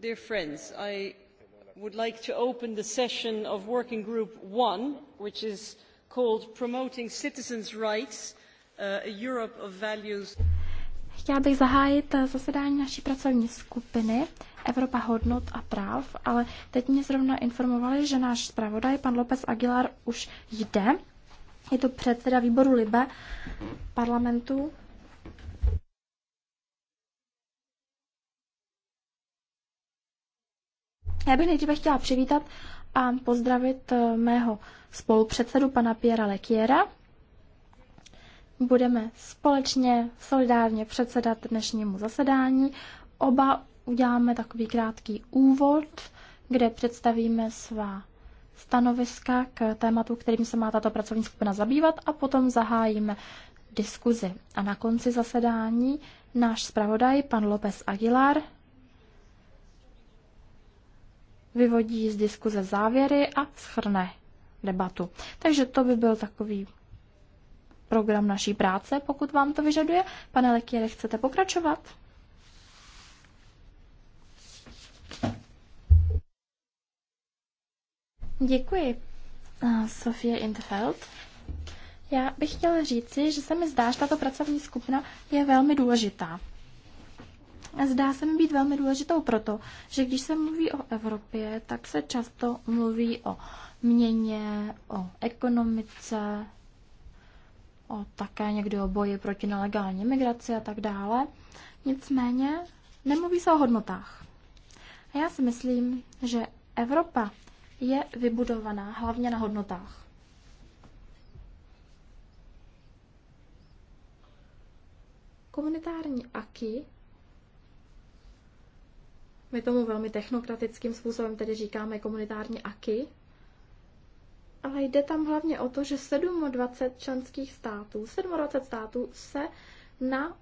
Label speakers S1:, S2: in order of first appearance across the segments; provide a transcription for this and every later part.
S1: dear friends i
S2: would like to open the session of working group one which is called promoting citizens' rights uh, a europe of values.
S3: Chtěla bych zahájit uh, zasedání naší pracovní skupiny Evropa hodnot a práv, ale teď mě zrovna informovali, že náš zpravodaj, pan López Aguilar, už jde. Je to předseda výboru Libe parlamentu Já bych nejdříve chtěla přivítat a pozdravit eh, mého spolupředsedu pana Piera Lekiera. Budeme společně, solidárně předsedat dnešnímu zasedání. Oba uděláme takový krátký úvod, kde představíme svá stanoviska k tématu, kterým se má tato pracovní skupina zabývat a potom zahájíme diskuzi. A na konci zasedání náš zpravodaj, pan López Aguilar, vyvodí z diskuze závěry a schrne debatu. Takže to by byl takový program naší práce, pokud vám to vyžaduje. Pane Lekiere, chcete pokračovat? Děkuji. Eh, Sofie Intefeld. Já bych chtěla říci, že se mi zdá, že tato pracovní skupina je velmi důležitá zdá se mi být velmi důležitou proto, že když se mluví o Evropě, tak se často mluví o měně, o ekonomice, o také někdy o boji proti nelegální migraci a tak dále. Nicméně nemluví se o hodnotách. A já si myslím, že Evropa je vybudovaná hlavně na hodnotách. Komunitární aky my tomu velmi technokratickým způsobem tedy říkáme komunitární aky, ale jde tam hlavně o to, že 27 členských států, 27 států se na uh,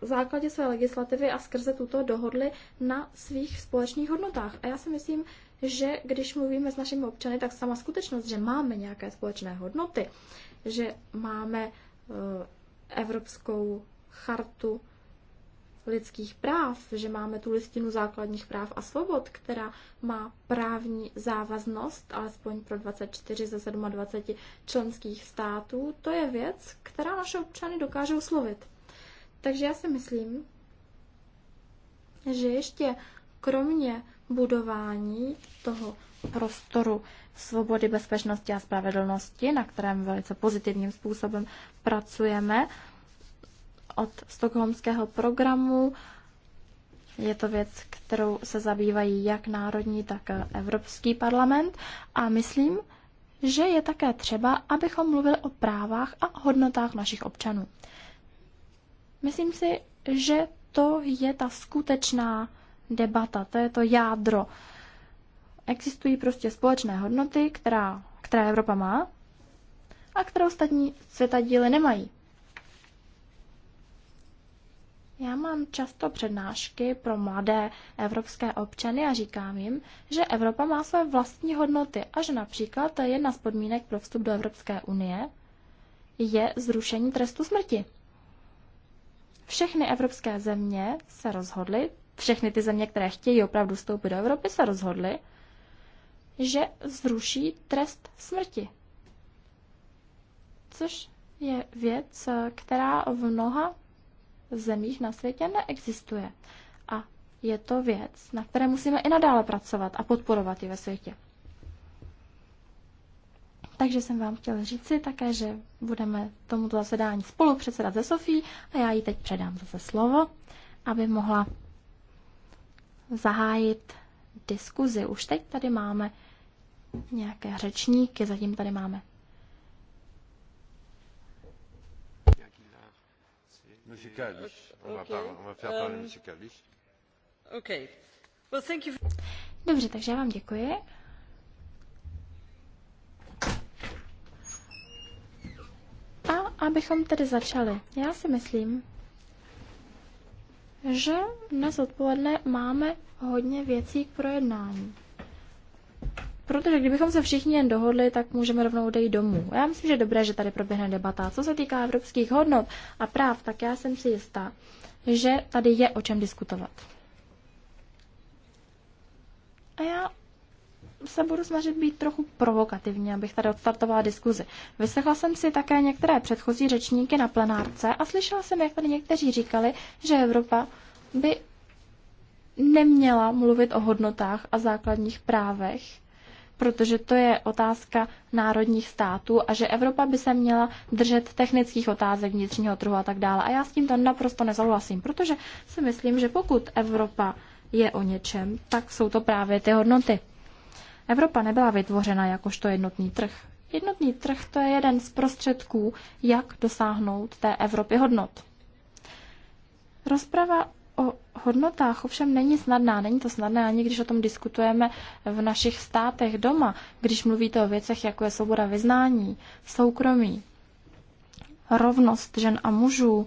S3: základě své legislativy a skrze tuto dohodli na svých společných hodnotách. A já si myslím, že když mluvíme s našimi občany, tak sama skutečnost, že máme nějaké společné hodnoty, že máme uh, Evropskou chartu lidských práv, že máme tu listinu základních práv a svobod, která má právní závaznost, alespoň pro 24 ze 27 členských států, to je věc, která naše občany dokáže uslovit. Takže já si myslím, že ještě kromě budování toho prostoru svobody, bezpečnosti a spravedlnosti, na kterém velice pozitivním způsobem pracujeme, od stokholmského programu. Je to věc, kterou se zabývají jak národní, tak Evropský parlament. A myslím, že je také třeba, abychom mluvili o právách a hodnotách našich občanů. Myslím si, že to je ta skutečná debata, to je to jádro. Existují prostě společné hodnoty, která, která Evropa má a které ostatní světa díly nemají. Já mám často přednášky pro mladé evropské občany a říkám jim, že Evropa má své vlastní hodnoty a že například jedna z podmínek pro vstup do Evropské unie je zrušení trestu smrti. Všechny evropské země se rozhodly, všechny ty země, které chtějí opravdu vstoupit do Evropy, se rozhodly, že zruší trest smrti. Což je věc, která v mnoha zemích na světě neexistuje. A je to věc, na které musíme i nadále pracovat a podporovat i ve světě. Takže jsem vám chtěla říci také, že budeme tomuto zasedání spolu předsedat ze Sofí a já jí teď předám zase slovo, aby mohla zahájit diskuzi. Už teď tady máme nějaké řečníky, zatím tady máme
S2: Euh,
S3: Dobře, takže já vám děkuji. A abychom tedy začali, já si myslím, že dnes odpoledne máme hodně věcí k projednání. Protože kdybychom se všichni jen dohodli, tak můžeme rovnou odejít domů. Já myslím, že je dobré, že tady proběhne debata. Co se týká evropských hodnot a práv, tak já jsem si jistá, že tady je o čem diskutovat. A já se budu snažit být trochu provokativní, abych tady odstartovala diskuzi. Vyslechla jsem si také některé předchozí řečníky na plenárce a slyšela jsem, jak tady někteří říkali, že Evropa by neměla mluvit o hodnotách a základních právech, protože to je otázka národních států a že Evropa by se měla držet technických otázek vnitřního trhu a tak dále. A já s tím tímto naprosto nezahlasím, protože si myslím, že pokud Evropa je o něčem, tak jsou to právě ty hodnoty. Evropa nebyla vytvořena jakožto jednotný trh. Jednotný trh to je jeden z prostředků, jak dosáhnout té Evropy hodnot. Rozprava o hodnotách ovšem není snadná. Není to snadné ani když o tom diskutujeme v našich státech doma, když mluvíte o věcech, jako je svoboda vyznání, soukromí, rovnost žen a mužů,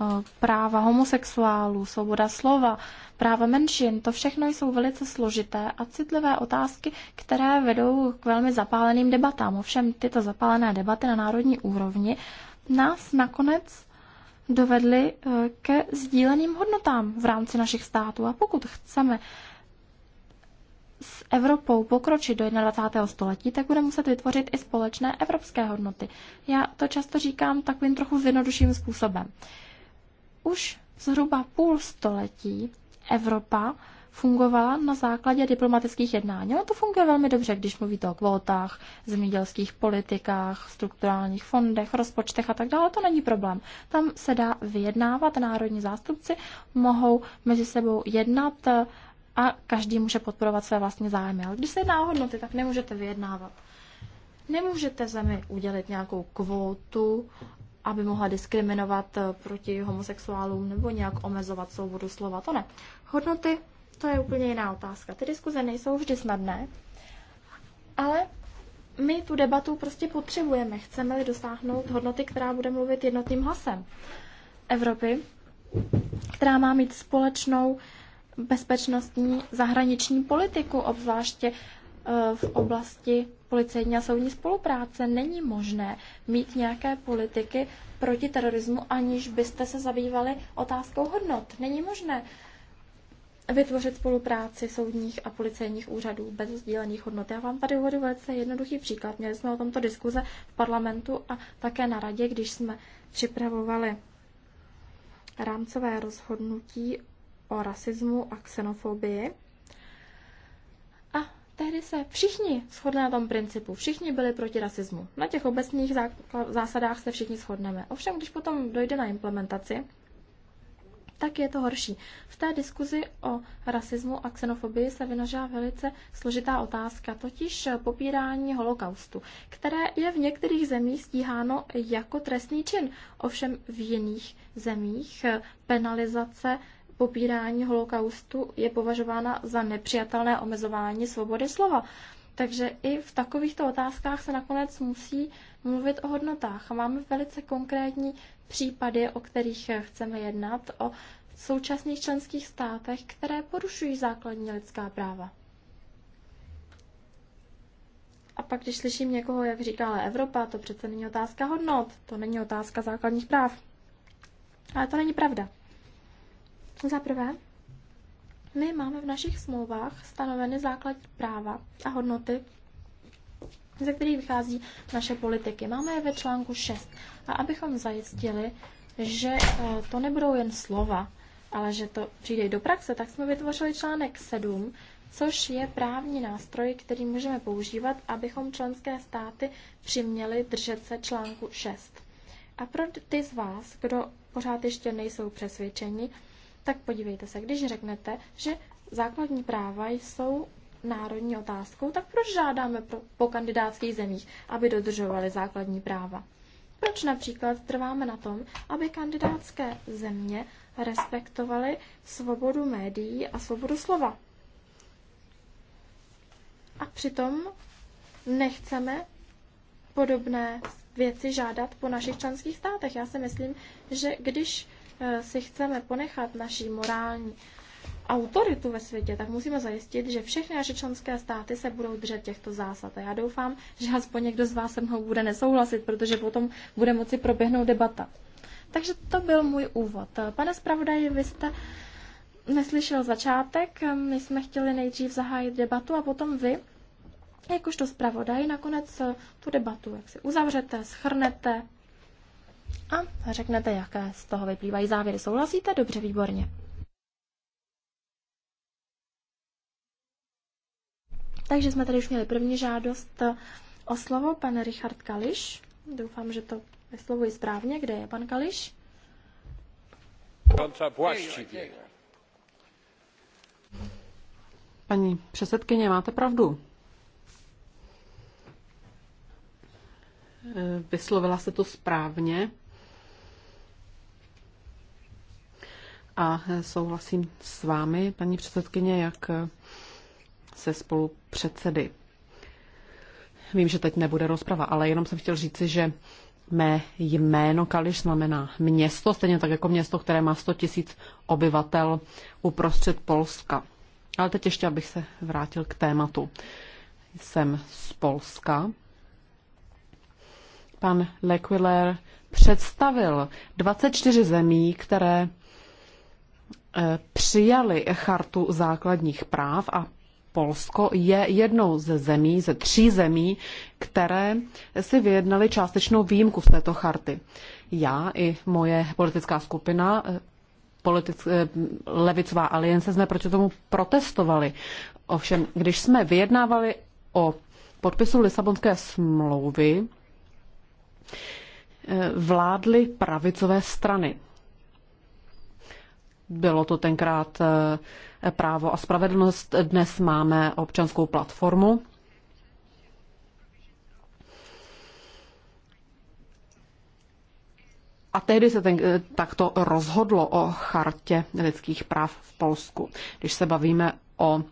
S3: eh, práva homosexuálů, svoboda slova, práva menšin, to všechno jsou velice složité a citlivé otázky, které vedou k velmi zapáleným debatám. Ovšem tyto zapálené debaty na národní úrovni nás nakonec dovedly eh, ke sdíleným hodnotám v rámci našich států. A pokud chceme s Evropou pokročit do 21. století, tak bude muset vytvořit i společné evropské hodnoty. Já to často říkám takovým trochu zjednodušším způsobem. Už zhruba půl století Evropa fungovala na základě diplomatických jednání. Ono to funguje velmi dobře, když mluvíte o kvótách, zemědělských politikách, strukturálních fondech, rozpočtech a tak dále. To není problém. Tam se dá vyjednávat, národní zástupci mohou mezi sebou jednat eh, a každý může podporovat své vlastní zájmy. Ale když se jedná o hodnoty, tak nemůžete vyjednávat. Nemůžete zemi udělit nějakou kvótu, aby mohla diskriminovat eh, proti homosexuálům nebo nějak omezovat svobodu slova. To ne. Hodnoty to je úplně jiná otázka. Ty diskuze nejsou vždy snadné, ale my tu debatu prostě potřebujeme. Chceme-li dosáhnout hodnoty, která bude mluvit jednotným hlasem Evropy, která má mít společnou bezpečnostní zahraniční politiku, obzvláště eh, v oblasti policejní a soudní spolupráce. Není možné mít nějaké politiky proti terorismu, aniž byste se zabývali otázkou hodnot. Není možné. Uh, vytvořit spolupráci soudních a policejních úřadů bez sdílených hodnot. Já vám tady uvedu velice jednoduchý příklad. Měli jsme o tomto diskuze v parlamentu a také na radě, když jsme připravovali rámcové rozhodnutí o rasismu a xenofobii. A tehdy se všichni shodli na tom principu. Všichni byli proti rasismu. Na těch obecných zásadách se všichni shodneme. Ovšem, když potom dojde na implementaci, tak je to horší. V té diskuzi o rasismu a xenofobii se vynožila velice složitá otázka, totiž popírání holokaustu, které je v některých zemích stíháno jako trestný čin, ovšem v jiných zemích penalizace popírání holokaustu je považována za nepřijatelné omezování svobody slova. Takže i v takovýchto otázkách se nakonec musí mluvit o hodnotách. Máme velice konkrétní případy, o kterých chceme jednat, o současných členských státech, které porušují základní lidská práva. A pak, když slyším někoho, jak říká, ale Evropa, to přece není otázka hodnot, to není otázka základních práv. Ale to není pravda. Za prvé, my máme v našich smlouvách stanoveny základní práva a hodnoty, ze kterých vychází naše politiky. Máme je ve článku 6. A abychom zajistili, že eh, to nebudou jen slova, ale že to přijde do praxe, tak jsme vytvořili článek 7, což je právní nástroj, který můžeme používat, abychom členské státy přiměli držet se článku 6. A pro ty z vás, kdo pořád ještě nejsou přesvědčeni, tak podívejte se, když řeknete, že základní práva jsou národní otázkou, tak proč žádáme pro, po kandidátských zemích, aby dodržovaly základní práva? Proč například trváme na tom, aby kandidátské země respektovaly svobodu médií a svobodu slova? A přitom nechceme podobné věci žádat po našich členských státech. Já si myslím, že když eh, si chceme ponechat naší morální autoritu ve světě, tak musíme zajistit, že všechny naše členské státy se budou držet těchto zásad. A já doufám, že aspoň někdo z vás se mnou bude nesouhlasit, protože potom bude moci proběhnout debata. Takže to byl můj úvod. Pane zpravodaji, vy jste neslyšel začátek, my jsme chtěli nejdřív zahájit debatu a potom vy, jakožto zpravodaj, nakonec tu debatu jak si uzavřete, schrnete a řeknete, jaké z toho vyplývají závěry. Souhlasíte? Dobře, výborně. Takže jsme tady už měli první žádost eh, o slovo, pan Richard Kališ. Doufám, že to vyslovuji správně. Kde je pan Kališ? Paní předsedkyně, máte
S2: pravdu. Eh, vyslovila se to správně. A eh, souhlasím s vámi, paní předsedkyně, jak se spolu předsedy. Vím, že teď nebude rozprava, ale jenom jsem chtěl říci, že mé jméno Kališ znamená město, stejně tak jako město, které má 100 tisíc obyvatel uprostřed Polska. Ale teď ještě, abych se vrátil k tématu. Jsem z Polska. Pan Lequiller představil 24 zemí, které eh, přijali chartu základních práv a Polsko je jednou ze zemí, ze tří zemí, které si vyjednaly částečnou výjimku z této charty. Já i moje politická skupina eh, politic, eh, levicová aliance jsme proti tomu protestovali. Ovšem, když jsme vyjednávali o podpisu Lisabonské smlouvy, eh, vládly pravicové strany. Bylo to tenkrát právo a spravedlnost. Dnes máme občanskou platformu. A tehdy se ten, takto rozhodlo o chartě lidských práv v Polsku. Když se bavíme o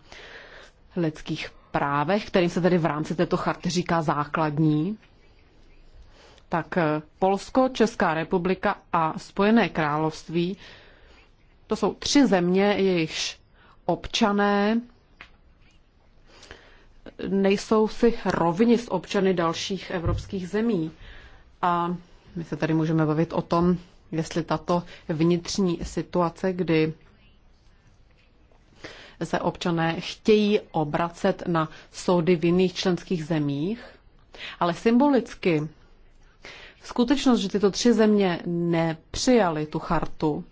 S2: lidských právech, kterým se tedy v rámci této charty říká základní, tak Polsko, Česká republika a Spojené království to jsou tři země, jejichž občané nejsou si rovni s občany dalších evropských zemí. A my se tady můžeme bavit o tom, jestli tato vnitřní situace, kdy se občané chtějí obracet na soudy v jiných členských zemích, ale symbolicky skutečnost, že tyto tři země nepřijaly tu chartu,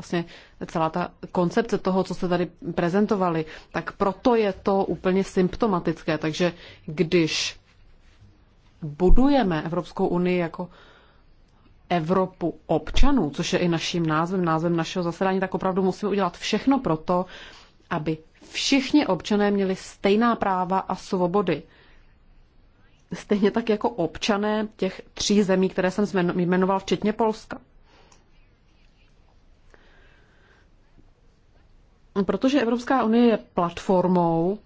S2: vlastně celá ta koncepce toho, co se tady prezentovali, tak proto je to úplně symptomatické. Takže když budujeme Evropskou unii jako Evropu občanů, což je i naším názvem, názvem našeho zasedání, tak opravdu musíme udělat všechno pro to, aby všichni občané měli stejná práva a svobody. Stejně tak jako občané těch tří zemí, které jsem jmenoval, včetně Polska. protože Evropská unie je platformou,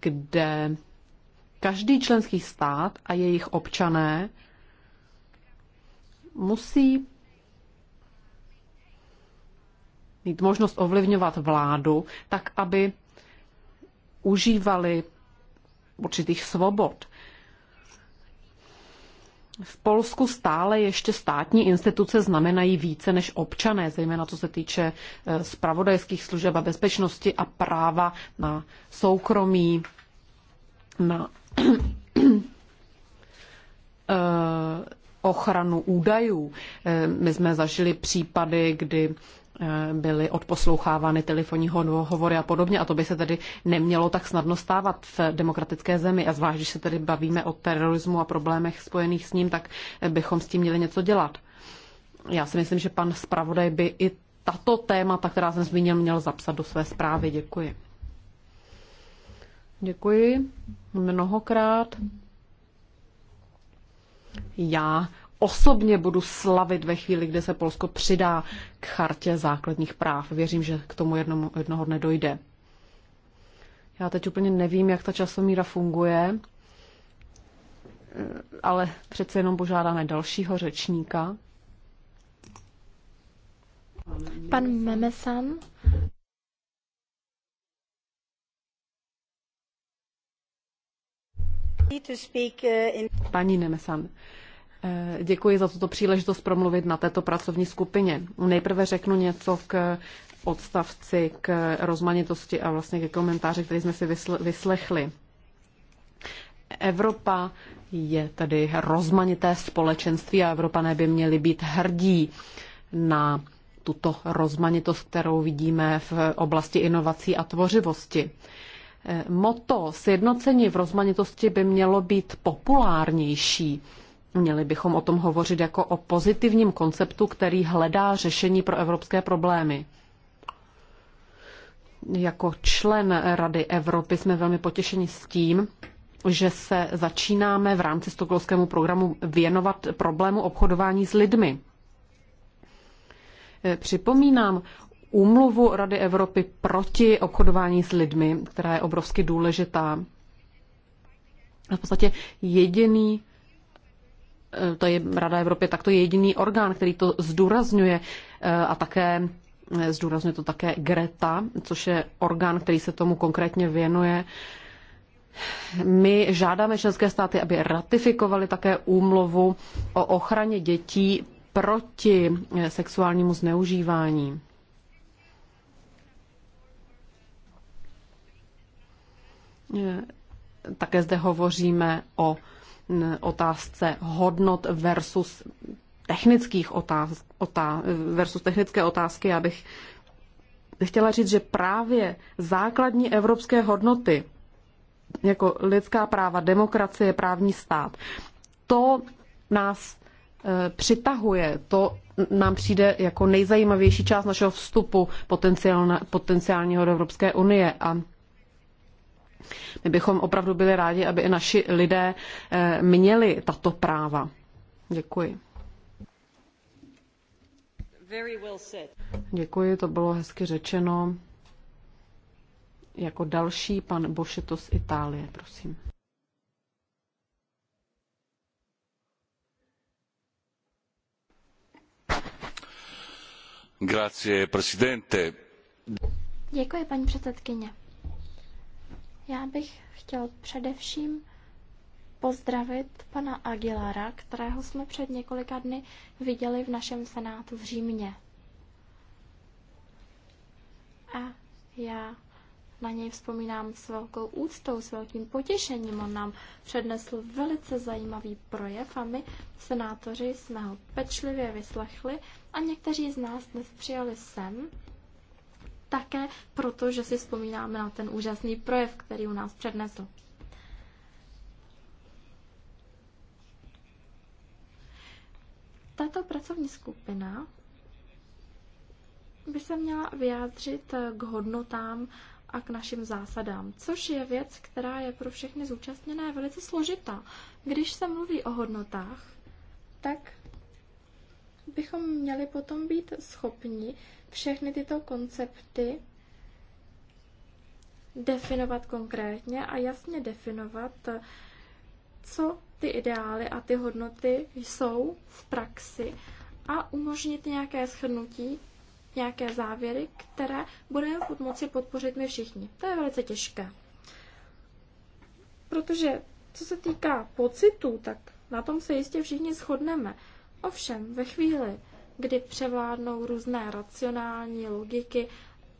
S2: kde každý členský stát a jejich občané musí mít možnost ovlivňovat vládu, tak aby užívali určitých svobod v Polsku stále ještě státní instituce znamenají více než občané, zejména co se týče spravodajských eh, služeb a bezpečnosti a práva na soukromí, na eh, ochranu údajů. Eh, my jsme zažili případy, kdy Eh, byly odposlouchávány telefonní hovory a podobně. A to by se tedy nemělo tak snadno stávat v demokratické zemi. A zvlášť, když se tedy bavíme o terorismu a problémech spojených s ním, tak eh, bychom s tím měli něco dělat. Já si myslím, že pan zpravodaj by i tato témata, která jsem zmínil, měl zapsat do své zprávy. Děkuji. Děkuji mnohokrát. Já osobně budu slavit ve chvíli, kdy se Polsko přidá k chartě základních práv. Věřím, že k tomu jednomu, jednoho dne dojde. Já teď úplně nevím, jak ta časomíra funguje, ale přece jenom požádáme dalšího řečníka.
S1: Pan Memesan. Uh,
S2: Paní Nemesan, Eh, děkuji za tuto příležitost promluvit na této pracovní skupině. Nejprve řeknu něco k odstavci, k rozmanitosti a vlastně ke komentáři, který jsme si vyslechli. Evropa je tedy rozmanité společenství a Evropané by měli být hrdí na tuto rozmanitost, kterou vidíme v oblasti inovací a tvořivosti. Eh, Moto sjednocení v rozmanitosti by mělo být populárnější Měli bychom o tom hovořit jako o pozitivním konceptu, který hledá řešení pro evropské problémy. Jako člen Rady Evropy jsme velmi potěšeni s tím, že se začínáme v rámci stokholmského programu věnovat problému obchodování s lidmi. E, připomínám úmluvu Rady Evropy proti obchodování s lidmi, která je obrovsky důležitá. A v podstatě jediný Eh, to je Rada Evropy, tak to je jediný orgán, který to zdůrazňuje eh, a také eh, zdůrazňuje to také Greta, což je orgán, který se tomu konkrétně věnuje. My žádáme členské státy, aby ratifikovali také úmluvu o ochraně dětí proti sexuálnímu zneužívání. Také zde hovoříme o otázce hodnot versus technických otáz, otá, versus technické otázky, já bych chtěla říct, že právě základní evropské hodnoty, jako lidská práva, demokracie, právní stát, to nás e, přitahuje, to nám přijde jako nejzajímavější část našeho vstupu potenciálního do Evropské unie a my bychom opravdu byli rádi, aby i naši lidé eh, měli tato práva. Děkuji. Děkuji, to bylo hezky řečeno. Jako další pan Bošeto z Itálie, prosím.
S4: Grazie, presidente.
S3: Děkuji, paní předsedkyně. Já bych chtěl především pozdravit pana Aguilara, kterého jsme před několika dny viděli v našem senátu v Římě. A já na něj vzpomínám s velkou úctou, s velkým potěšením. On nám přednesl velice zajímavý projev a my, senátoři, jsme ho pečlivě vyslechli a někteří z nás dnes přijali sem, také proto, že si vzpomínáme na ten úžasný projev, který u nás přednesl. Tato pracovní skupina by se měla vyjádřit k hodnotám a k našim zásadám, což je věc, která je pro všechny zúčastněné velice složitá. Když se mluví o hodnotách, tak bychom měli potom být schopni všechny tyto koncepty definovat konkrétně a jasně definovat, co ty ideály a ty hodnoty jsou v praxi a umožnit nějaké shrnutí, nějaké závěry, které budeme moci podpořit my všichni. To je velice těžké. Protože co se týká pocitů, tak na tom se jistě všichni shodneme. Ovšem, ve chvíli, kdy převládnou různé racionální logiky,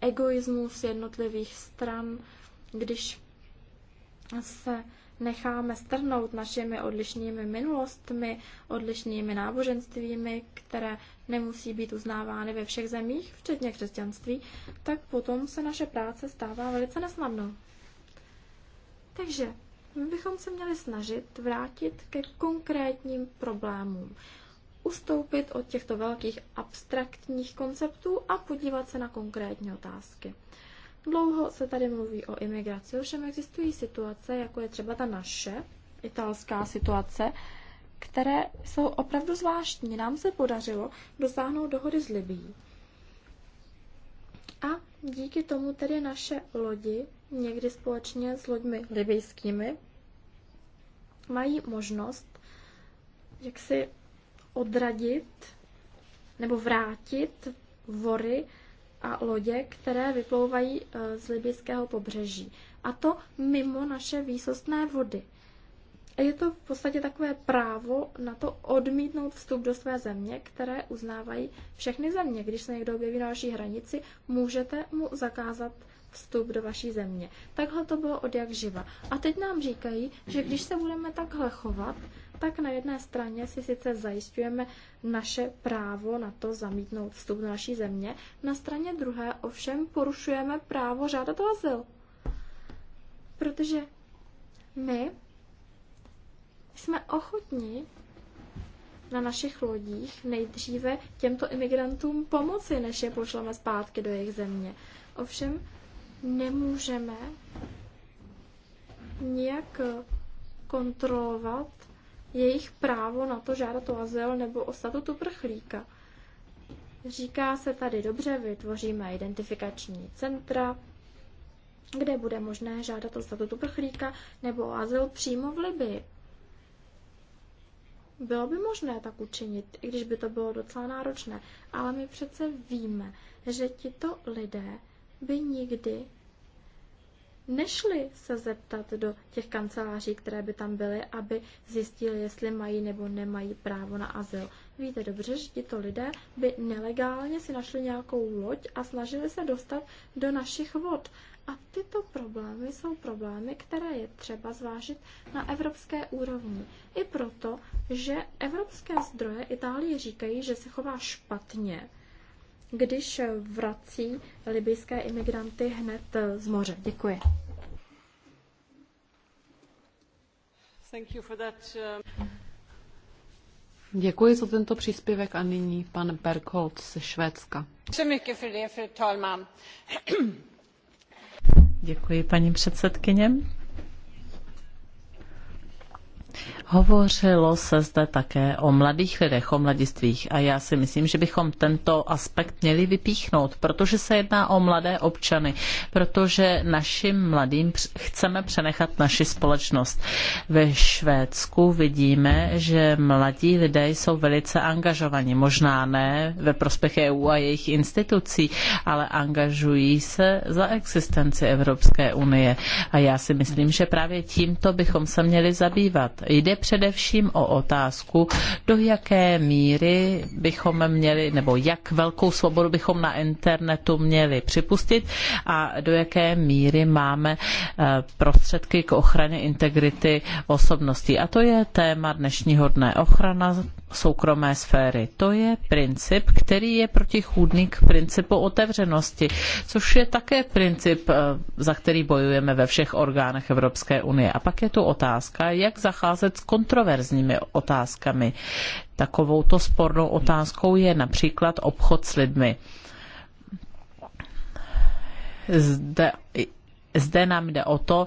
S3: egoismus jednotlivých stran, když se necháme strhnout našimi odlišnými minulostmi, odlišnými náboženstvími, které nemusí být uznávány ve všech zemích, včetně křesťanství, tak potom se naše práce stává velice nesnadnou. Takže my bychom se měli snažit vrátit ke konkrétním problémům ustoupit od těchto velkých abstraktních konceptů a podívat se na konkrétní otázky. Dlouho se tady mluví o imigraci, ovšem existují situace, jako je třeba ta naše, italská situace, které jsou opravdu zvláštní. Nám se podařilo dosáhnout dohody s Libí. A díky tomu tedy naše lodi, někdy společně s loďmi libijskými, mají možnost jak si odradit nebo vrátit vory a lodě, které vyplouvají eh, z libyského pobřeží. A to mimo naše výsostné vody. A je to v podstatě takové právo na to odmítnout vstup do své země, které uznávají všechny země. Když se někdo objeví na vaší hranici, můžete mu zakázat vstup do vaší země. Takhle to bylo od jak živa. A teď nám říkají, že když se budeme takhle chovat, tak na jedné straně si sice zajišťujeme naše právo na to zamítnout vstup do naší země, na straně druhé ovšem porušujeme právo žádat o azyl. Protože my jsme ochotní na našich lodích nejdříve těmto imigrantům pomoci, než je pošleme zpátky do jejich země. Ovšem nemůžeme nijak kontrolovat jejich právo na to žádat o azyl nebo o statutu prchlíka, Říká se tady dobře, vytvoříme identifikační centra, kde bude možné žádat o statutu prchlíka nebo o azyl přímo v Libii. Bylo by možné tak učinit, i když by to bylo docela náročné, ale my přece víme, že tito lidé by nikdy nešli se zeptat do těch kanceláří, které by tam byly, aby zjistili, jestli mají nebo nemají právo na azyl. Víte dobře, že tito lidé by nelegálně si našli nějakou loď a snažili se dostat do našich vod. A tyto problémy jsou problémy, které je třeba zvážit na evropské úrovni. I proto, že evropské zdroje Itálie říkají, že se chová špatně když vrací libijské imigranty hned eh, z moře. Děkuji.
S1: Uh,
S2: Děkuji za tento příspěvek a nyní pan Berkholt ze Švédska.
S1: Děkuji, paní předsedkyně. Hovořilo se zde také o mladých lidech, o mladistvích a já si myslím, že bychom tento aspekt měli vypíchnout, protože se jedná o mladé občany, protože našim mladým chceme přenechat naši společnost. Ve Švédsku vidíme, že mladí lidé jsou velice angažovaní, možná ne ve prospěch EU a jejich institucí, ale angažují se za existenci Evropské unie. A já si myslím, že právě tímto bychom se měli zabývat Jde především o otázku, do jaké míry bychom měli, nebo jak velkou svobodu bychom na internetu měli připustit a do jaké míry máme eh, prostředky k ochraně integrity osobností. A to je téma dnešního dne. Ochrana soukromé sféry. To je princip, který je protichůdný k principu otevřenosti, což je také princip, eh, za který bojujeme ve všech orgánech Evropské unie. A pak je tu otázka, jak zacházet zacházet s kontroverzními otázkami. Takovouto spornou otázkou je například obchod s lidmi. Zde, zde nám jde o to,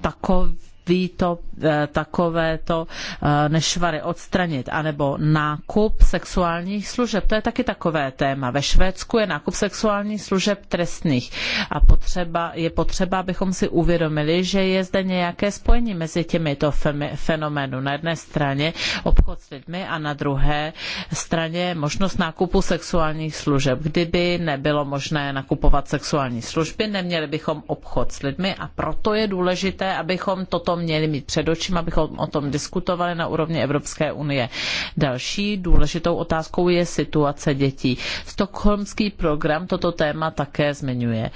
S1: takový ví to eh, takové to eh, nešvary odstranit, anebo nákup sexuálních služeb. To je taky takové téma. Ve Švédsku je nákup sexuálních služeb trestných a potřeba, je potřeba, abychom si uvědomili, že je zde nějaké spojení mezi těmito fenomény. Na jedné straně obchod s lidmi a na druhé straně možnost nákupu sexuálních služeb. Kdyby nebylo možné nakupovat sexuální služby, neměli bychom obchod s lidmi a proto je důležité, abychom toto potom měli mít před očima, abychom o tom diskutovali na úrovni Evropské unie. Další důležitou otázkou je situace dětí. Stockholmský program toto téma také zmiňuje.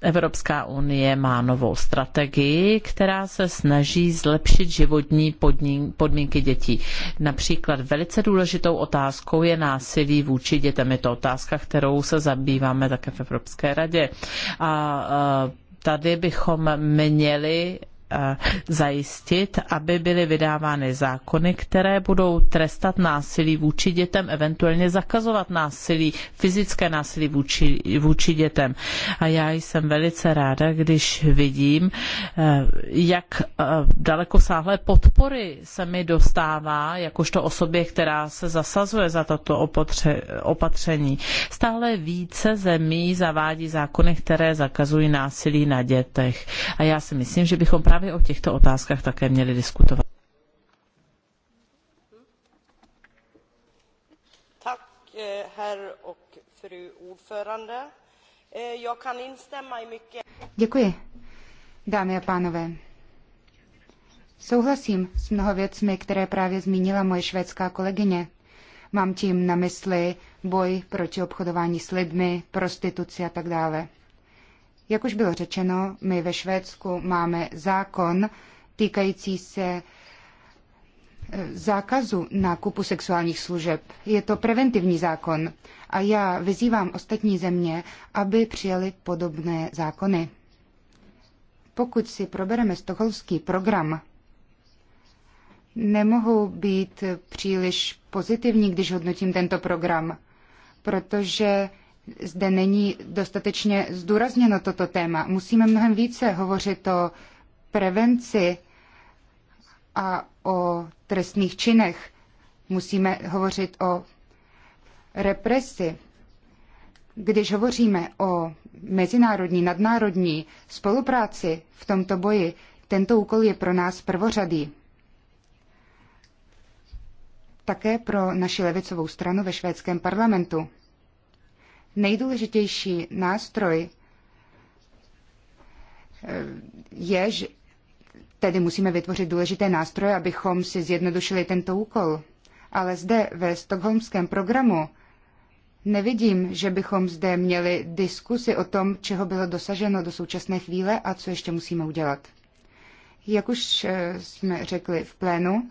S1: Evropská unie má novou strategii, která se snaží zlepšit životní podmínky dětí. Například velice důležitou otázkou je násilí vůči dětem. Je to otázka, kterou se zabýváme také v Evropské radě. A tady bychom měli Eh, zajistit, aby byly vydávány zákony, které budou trestat násilí vůči dětem, eventuálně zakazovat násilí, fyzické násilí vůči, vůči dětem. A já jsem velice ráda, když vidím, eh, jak eh, daleko sáhlé podpory se mi dostává, jakožto osobě, která se zasazuje za toto opatření. Stále více zemí zavádí zákony, které zakazují násilí na dětech. A já si myslím, že bychom právě právě o těchto otázkách také měli
S4: diskutovat.
S2: Eh, eh,
S5: Děkuji, dámy a pánové. Souhlasím s mnoha věcmi, které právě zmínila moje švédská kolegyně. Mám tím na mysli boj proti obchodování s lidmi, prostituci a tak dále. Jak už bylo řečeno, my ve Švédsku máme zákon týkající se eh, zákazu nákupu sexuálních služeb. Je to preventivní zákon a já vyzývám ostatní země, aby přijali podobné zákony. Pokud si probereme stokholmský program, nemohu být příliš pozitivní, když hodnotím tento program, protože zde není dostatečně zdůrazněno toto téma. Musíme mnohem více hovořit o prevenci a o trestných činech. Musíme hovořit o represi. Když hovoříme o mezinárodní, nadnárodní spolupráci v tomto boji, tento úkol je pro nás prvořadý. Také pro naši levicovou stranu ve švédském parlamentu nejdůležitější nástroj eh, je, že tedy musíme vytvořit důležité nástroje, abychom si zjednodušili tento úkol. Ale zde ve stokholmském programu nevidím, že bychom zde měli diskusy o tom, čeho bylo dosaženo do současné chvíle a co ještě musíme udělat. Jak už eh, jsme řekli v plénu,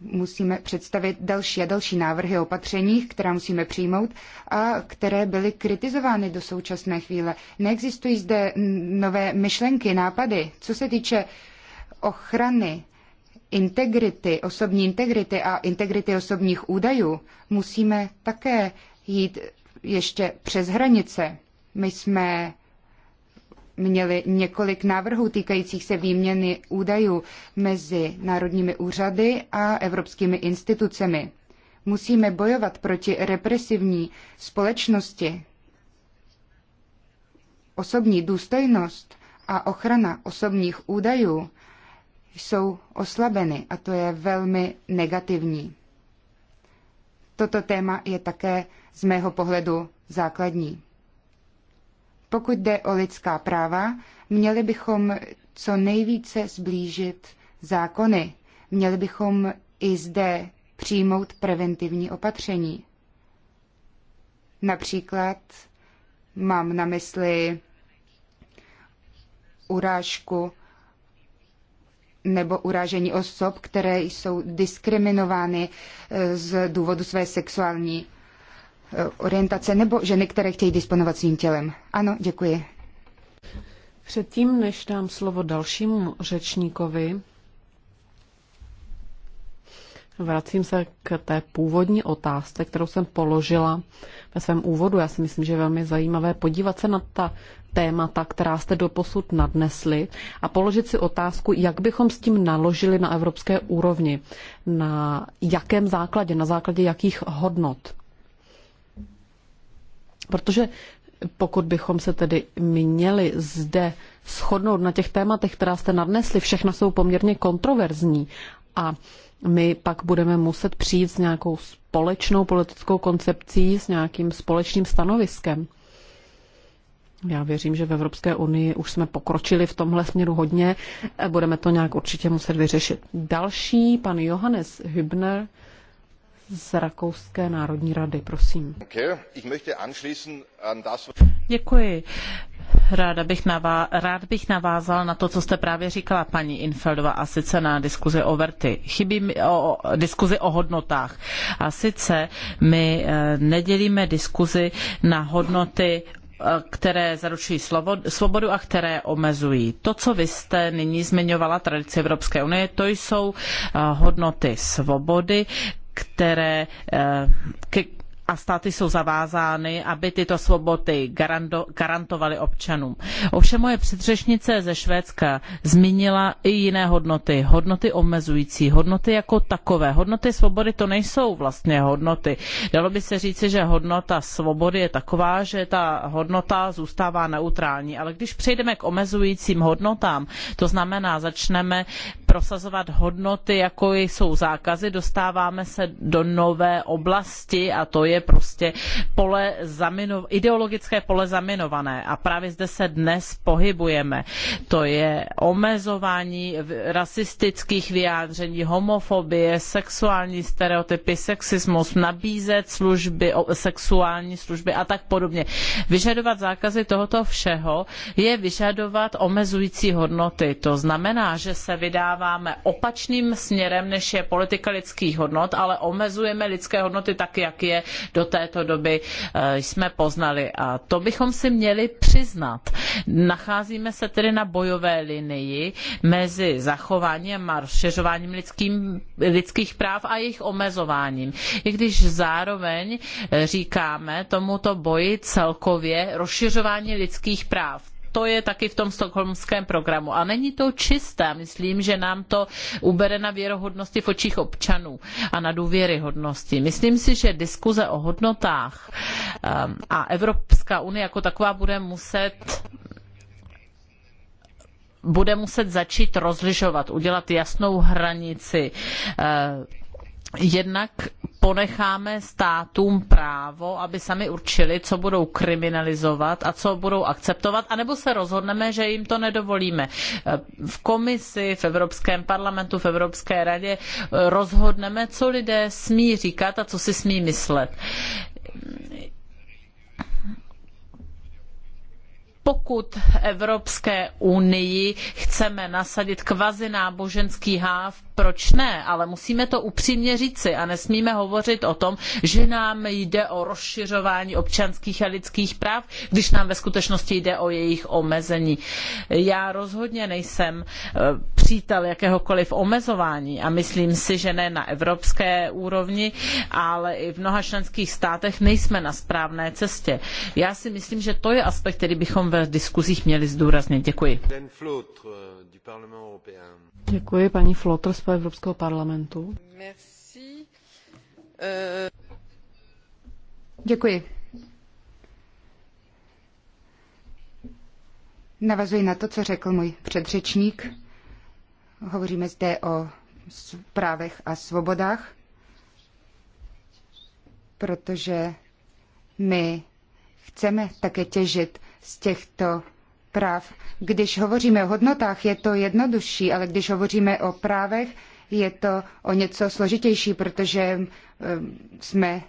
S5: musíme představit další a další návrhy opatřeních, která musíme přijmout a které byly kritizovány do současné chvíle. Neexistují zde nové myšlenky, nápady. Co se týče ochrany integrity, osobní integrity a integrity osobních údajů, musíme také jít ještě přes hranice. My jsme měli několik návrhů týkajících se výměny údajů mezi národními úřady a evropskými institucemi. Musíme bojovat proti represivní společnosti. Osobní důstojnost a ochrana osobních údajů jsou oslabeny a to je velmi negativní. Toto téma je také z mého pohledu základní. Pokud jde o lidská práva, měli bychom co nejvíce zblížit zákony. Měli bychom i zde přijmout preventivní opatření. Například mám na mysli urážku nebo urážení osob, které jsou diskriminovány eh, z důvodu své sexuální Eh, orientace, nebo ženy, které chtějí disponovat svým tělem. Ano, děkuji.
S2: Předtím, než dám slovo dalšímu řečníkovi, vracím se k té původní otázce, kterou jsem položila ve svém úvodu. Já si myslím, že je velmi zajímavé podívat se na ta témata, která jste doposud nadnesli a položit si otázku, jak bychom s tím naložili na evropské úrovni, na jakém základě, na základě jakých hodnot. Protože pokud bychom se tedy měli zde shodnout na těch tématech, která jste nadnesli, všechna jsou poměrně kontroverzní a my pak budeme muset přijít s nějakou společnou politickou koncepcí, s nějakým společným stanoviskem. Já věřím, že v Evropské unii už jsme pokročili v tomhle směru hodně. Budeme to nějak určitě muset vyřešit. Další, pan Johannes Hübner z Rakouské
S1: národní rady, prosím. Děkuji. Ráda bych navá- rád bych navázal na to, co jste právě říkala, paní Infeldova, a sice na diskuzi o verty. Chybí mi o, o diskuzi o hodnotách. A sice my e, nedělíme diskuzi na hodnoty eh, které zaručují svobodu a které omezují. To, co vy jste nyní zmiňovala, tradice Evropské unie, to jsou eh, hodnoty svobody, které eh, ke, a státy jsou zavázány, aby tyto svobody garantovaly občanům. Ovšem moje předřečnice ze Švédska zmínila i jiné hodnoty, hodnoty omezující, hodnoty jako takové. Hodnoty svobody to nejsou vlastně hodnoty. Dalo by se říci, že hodnota svobody je taková, že ta hodnota zůstává neutrální, ale když přejdeme k omezujícím hodnotám, to znamená, začneme prosazovat hodnoty, jako jsou zákazy, dostáváme se do nové oblasti a to je prostě pole zamino, ideologické pole zaminované. A právě zde se dnes pohybujeme. To je omezování rasistických vyjádření, homofobie, sexuální stereotypy, sexismus, nabízet služby, sexuální služby a tak podobně. Vyžadovat zákazy tohoto všeho je vyžadovat omezující hodnoty. To znamená, že se vydává vydáváme opačným směrem, než je politika lidských hodnot, ale omezujeme lidské hodnoty tak, jak je do této doby eh, jsme poznali. A to bychom si měli přiznat. Nacházíme se tedy na bojové linii mezi zachováním a rozšiřováním lidským, lidských práv a jejich omezováním. I když zároveň eh, říkáme tomuto boji celkově rozšiřování lidských práv to je taky v tom stokholmském programu. A není to čisté. Myslím, že nám to ubere na věrohodnosti v očích občanů a na důvěryhodnosti. Myslím si, že diskuze o hodnotách um, a Evropská unie jako taková bude muset bude muset začít rozlišovat, udělat jasnou hranici uh, jednak ponecháme státům právo, aby sami určili, co budou kriminalizovat a co budou akceptovat, anebo se rozhodneme, že jim to nedovolíme. V komisi, v Evropském parlamentu, v Evropské radě rozhodneme, co lidé smí říkat a co si smí myslet pokud Evropské unii chceme nasadit kvazináboženský háv proč ne, ale musíme to upřímně říci a nesmíme hovořit o tom, že nám jde o rozšiřování občanských a lidských práv, když nám ve skutečnosti jde o jejich omezení. Já rozhodně nejsem eh, přítel jakéhokoliv omezování a myslím si, že ne na evropské úrovni, ale i v mnoha členských státech nejsme na správné cestě. Já si myslím, že to je aspekt, který bychom ve diskuzích měli zdůraznit. Děkuji. Děkuji
S2: paní Flotr z Evropského parlamentu.
S5: Merci. Eh, děkuji. Navazuji na to, co řekl můj předřečník. Hovoříme zde o právech a svobodách, protože my chceme také těžit z těchto práv když hovoříme o hodnotách, je to jednodušší, ale když hovoříme o právech, je to o něco složitější, protože eh, jsme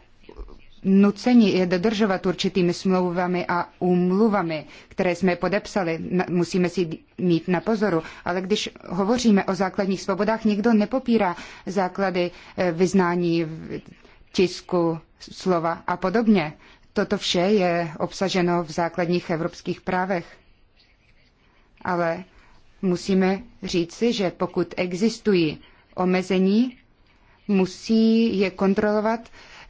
S5: nuceni je dodržovat určitými smlouvami a úmluvami, které jsme podepsali. Musíme si mít na pozoru. Ale když hovoříme o základních svobodách, nikdo nepopírá základy eh, vyznání tisku, slova a podobně. Toto vše je obsaženo v základních evropských právech ale musíme říci, že pokud existují omezení, musí je kontrolovat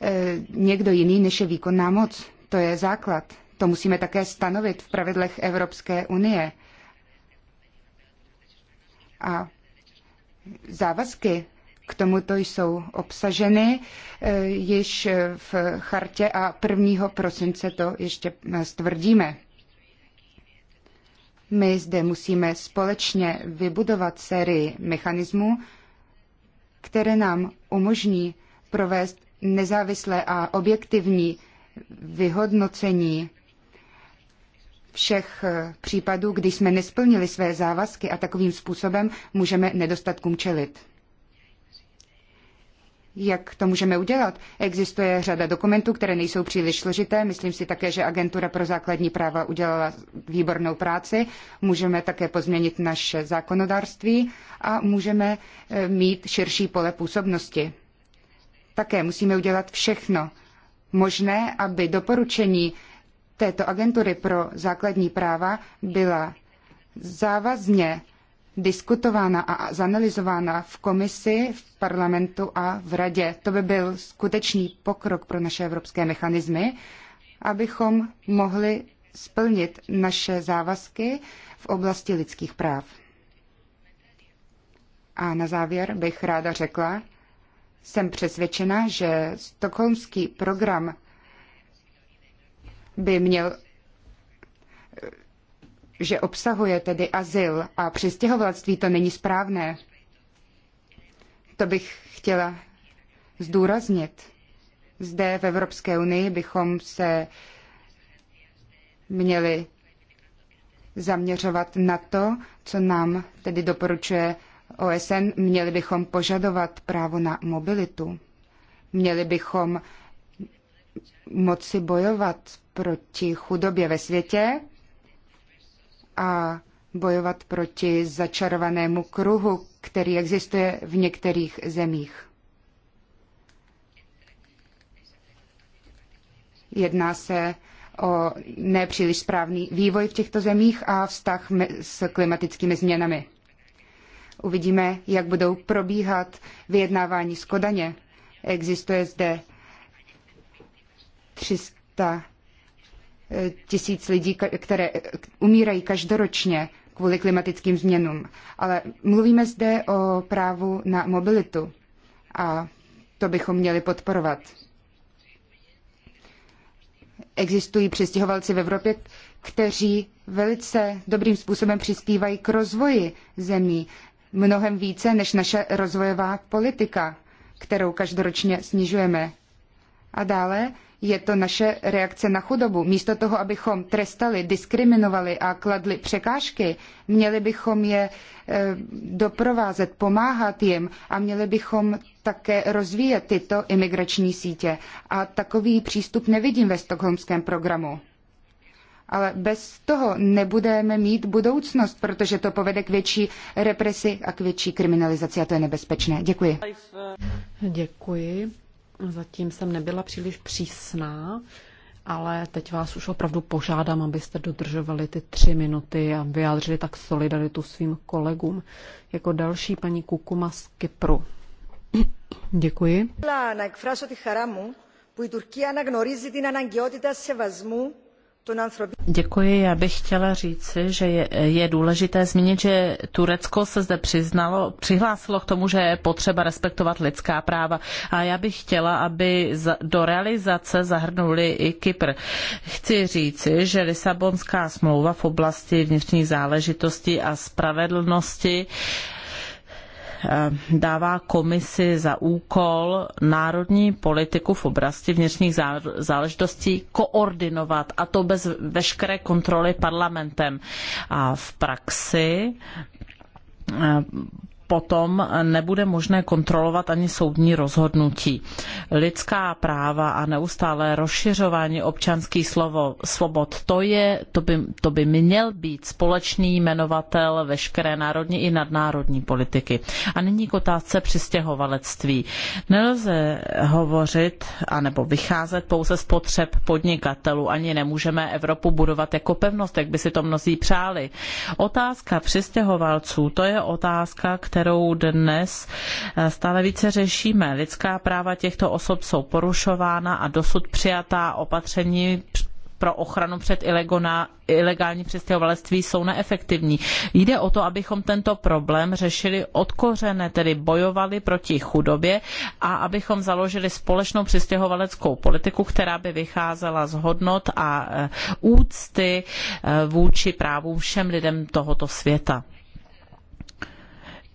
S5: eh, někdo jiný, než je výkonná moc. To je základ. To musíme také stanovit v pravidlech Evropské unie. A závazky k tomuto jsou obsaženy eh, již v chartě a 1. prosince to ještě eh, stvrdíme. My zde musíme společně vybudovat sérii mechanismů, které nám umožní provést nezávislé a objektivní vyhodnocení všech eh, případů, kdy jsme nesplnili své závazky a takovým způsobem můžeme nedostatkům čelit jak to můžeme udělat. Existuje řada dokumentů, které nejsou příliš složité. Myslím si také, že Agentura pro základní práva udělala výbornou práci. Můžeme také pozměnit naše zákonodárství a můžeme eh, mít širší pole působnosti. Také musíme udělat všechno možné, aby doporučení této agentury pro základní práva byla závazně diskutována a zanalizována v komisi, v parlamentu a v radě. To by byl skutečný pokrok pro naše evropské mechanismy, abychom mohli splnit naše závazky v oblasti lidských práv. A na závěr bych ráda řekla, jsem přesvědčena, že stokholmský program by měl že obsahuje tedy azyl a přistěhovalectví, to není správné. To bych chtěla zdůraznit. Zde v Evropské unii bychom se měli zaměřovat na to, co nám tedy doporučuje OSN. Měli bychom požadovat právo na mobilitu. Měli bychom moci bojovat proti chudobě ve světě a bojovat proti začarovanému kruhu, který existuje v některých zemích. Jedná se o nepříliš správný vývoj v těchto zemích a vztah s klimatickými změnami. Uvidíme, jak budou probíhat vyjednávání z Kodaně. Existuje zde 300 tisíc lidí, které umírají každoročně kvůli klimatickým změnům. Ale mluvíme zde o právu na mobilitu a to bychom měli podporovat. Existují přistěhovalci v Evropě, kteří velice dobrým způsobem přispívají k rozvoji zemí, mnohem více než naše rozvojová politika, kterou každoročně snižujeme. A dále je to naše reakce na chudobu. Místo toho, abychom trestali, diskriminovali a kladli překážky, měli bychom je e, doprovázet, pomáhat jim a měli bychom také rozvíjet tyto imigrační sítě. A takový přístup nevidím ve stokholmském programu. Ale bez toho nebudeme mít budoucnost, protože to povede k větší represi a k větší kriminalizaci a to je nebezpečné. Děkuji.
S2: Děkuji. Zatím jsem nebyla příliš přísná, ale teď vás už opravdu požádám, abyste dodržovali ty tři minuty a vyjádřili tak solidaritu svým kolegům. Jako další paní Kukuma z Kypru. Děkuji.
S5: Děkuji. εκφράσω τη χαρά μου που η Τουρκία αναγνωρίζει την αναγκαιότητα σεβασμού
S1: Děkuji. Já bych chtěla říci, že je, je důležité zmínit, že Turecko se zde přiznalo, přihlásilo k tomu, že je potřeba respektovat lidská práva. A já bych chtěla, aby do realizace zahrnuli i Kypr. Chci říci, že Lisabonská smlouva v oblasti vnitřních záležitostí a spravedlnosti Eh, dává komisi za úkol národní politiku v oblasti vnitřních záležitostí koordinovat a to bez veškeré kontroly parlamentem. A v praxi eh, potom nebude možné kontrolovat ani soudní rozhodnutí. Lidská práva a neustále rozšiřování občanských slovo, svobod, to, je, to, by, to by měl být společný jmenovatel veškeré národní i nadnárodní politiky. A nyní k otázce přistěhovalectví. Nelze hovořit anebo vycházet pouze z potřeb podnikatelů, ani nemůžeme Evropu budovat jako pevnost, jak by si to mnozí přáli. Otázka přistěhovalců, to je otázka, která kterou dnes eh, stále více řešíme. Lidská práva těchto osob jsou porušována a dosud přijatá opatření pro ochranu před ilegona, ilegální přistěhovalectví jsou neefektivní. Jde o to, abychom tento problém řešili od kořene, tedy bojovali proti chudobě a abychom založili společnou přistěhovaleckou politiku, která by vycházela z hodnot a eh, úcty eh, vůči právům všem lidem tohoto světa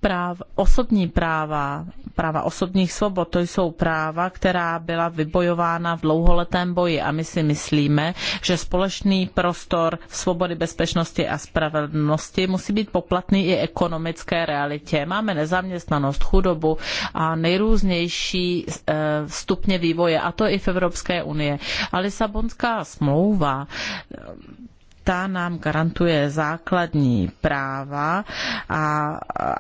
S1: práv, osobní práva, práva osobních svobod, to jsou práva, která byla vybojována v dlouholetém boji a my si myslíme, že společný prostor svobody, bezpečnosti a spravedlnosti musí být poplatný i ekonomické realitě. Máme nezaměstnanost, chudobu a nejrůznější eh, stupně vývoje, a to i v Evropské unii. A Lisabonská smlouva ta nám garantuje základní práva, a,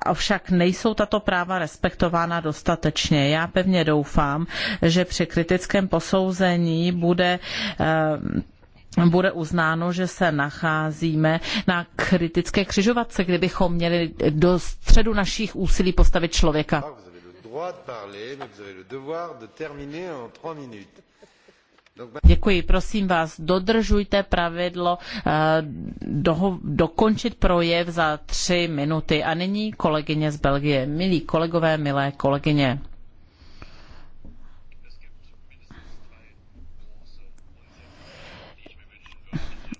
S1: avšak nejsou tato práva respektována dostatečně. Já pevně doufám, že při kritickém posouzení bude eh, bude uznáno, že se nacházíme na kritické křižovatce, kdybychom měli do středu našich úsilí postavit člověka. Děkuji, prosím vás, dodržujte pravidlo eh, doho, dokončit projev za tři minuty. A nyní kolegyně z Belgie. Milí kolegové, milé kolegyně.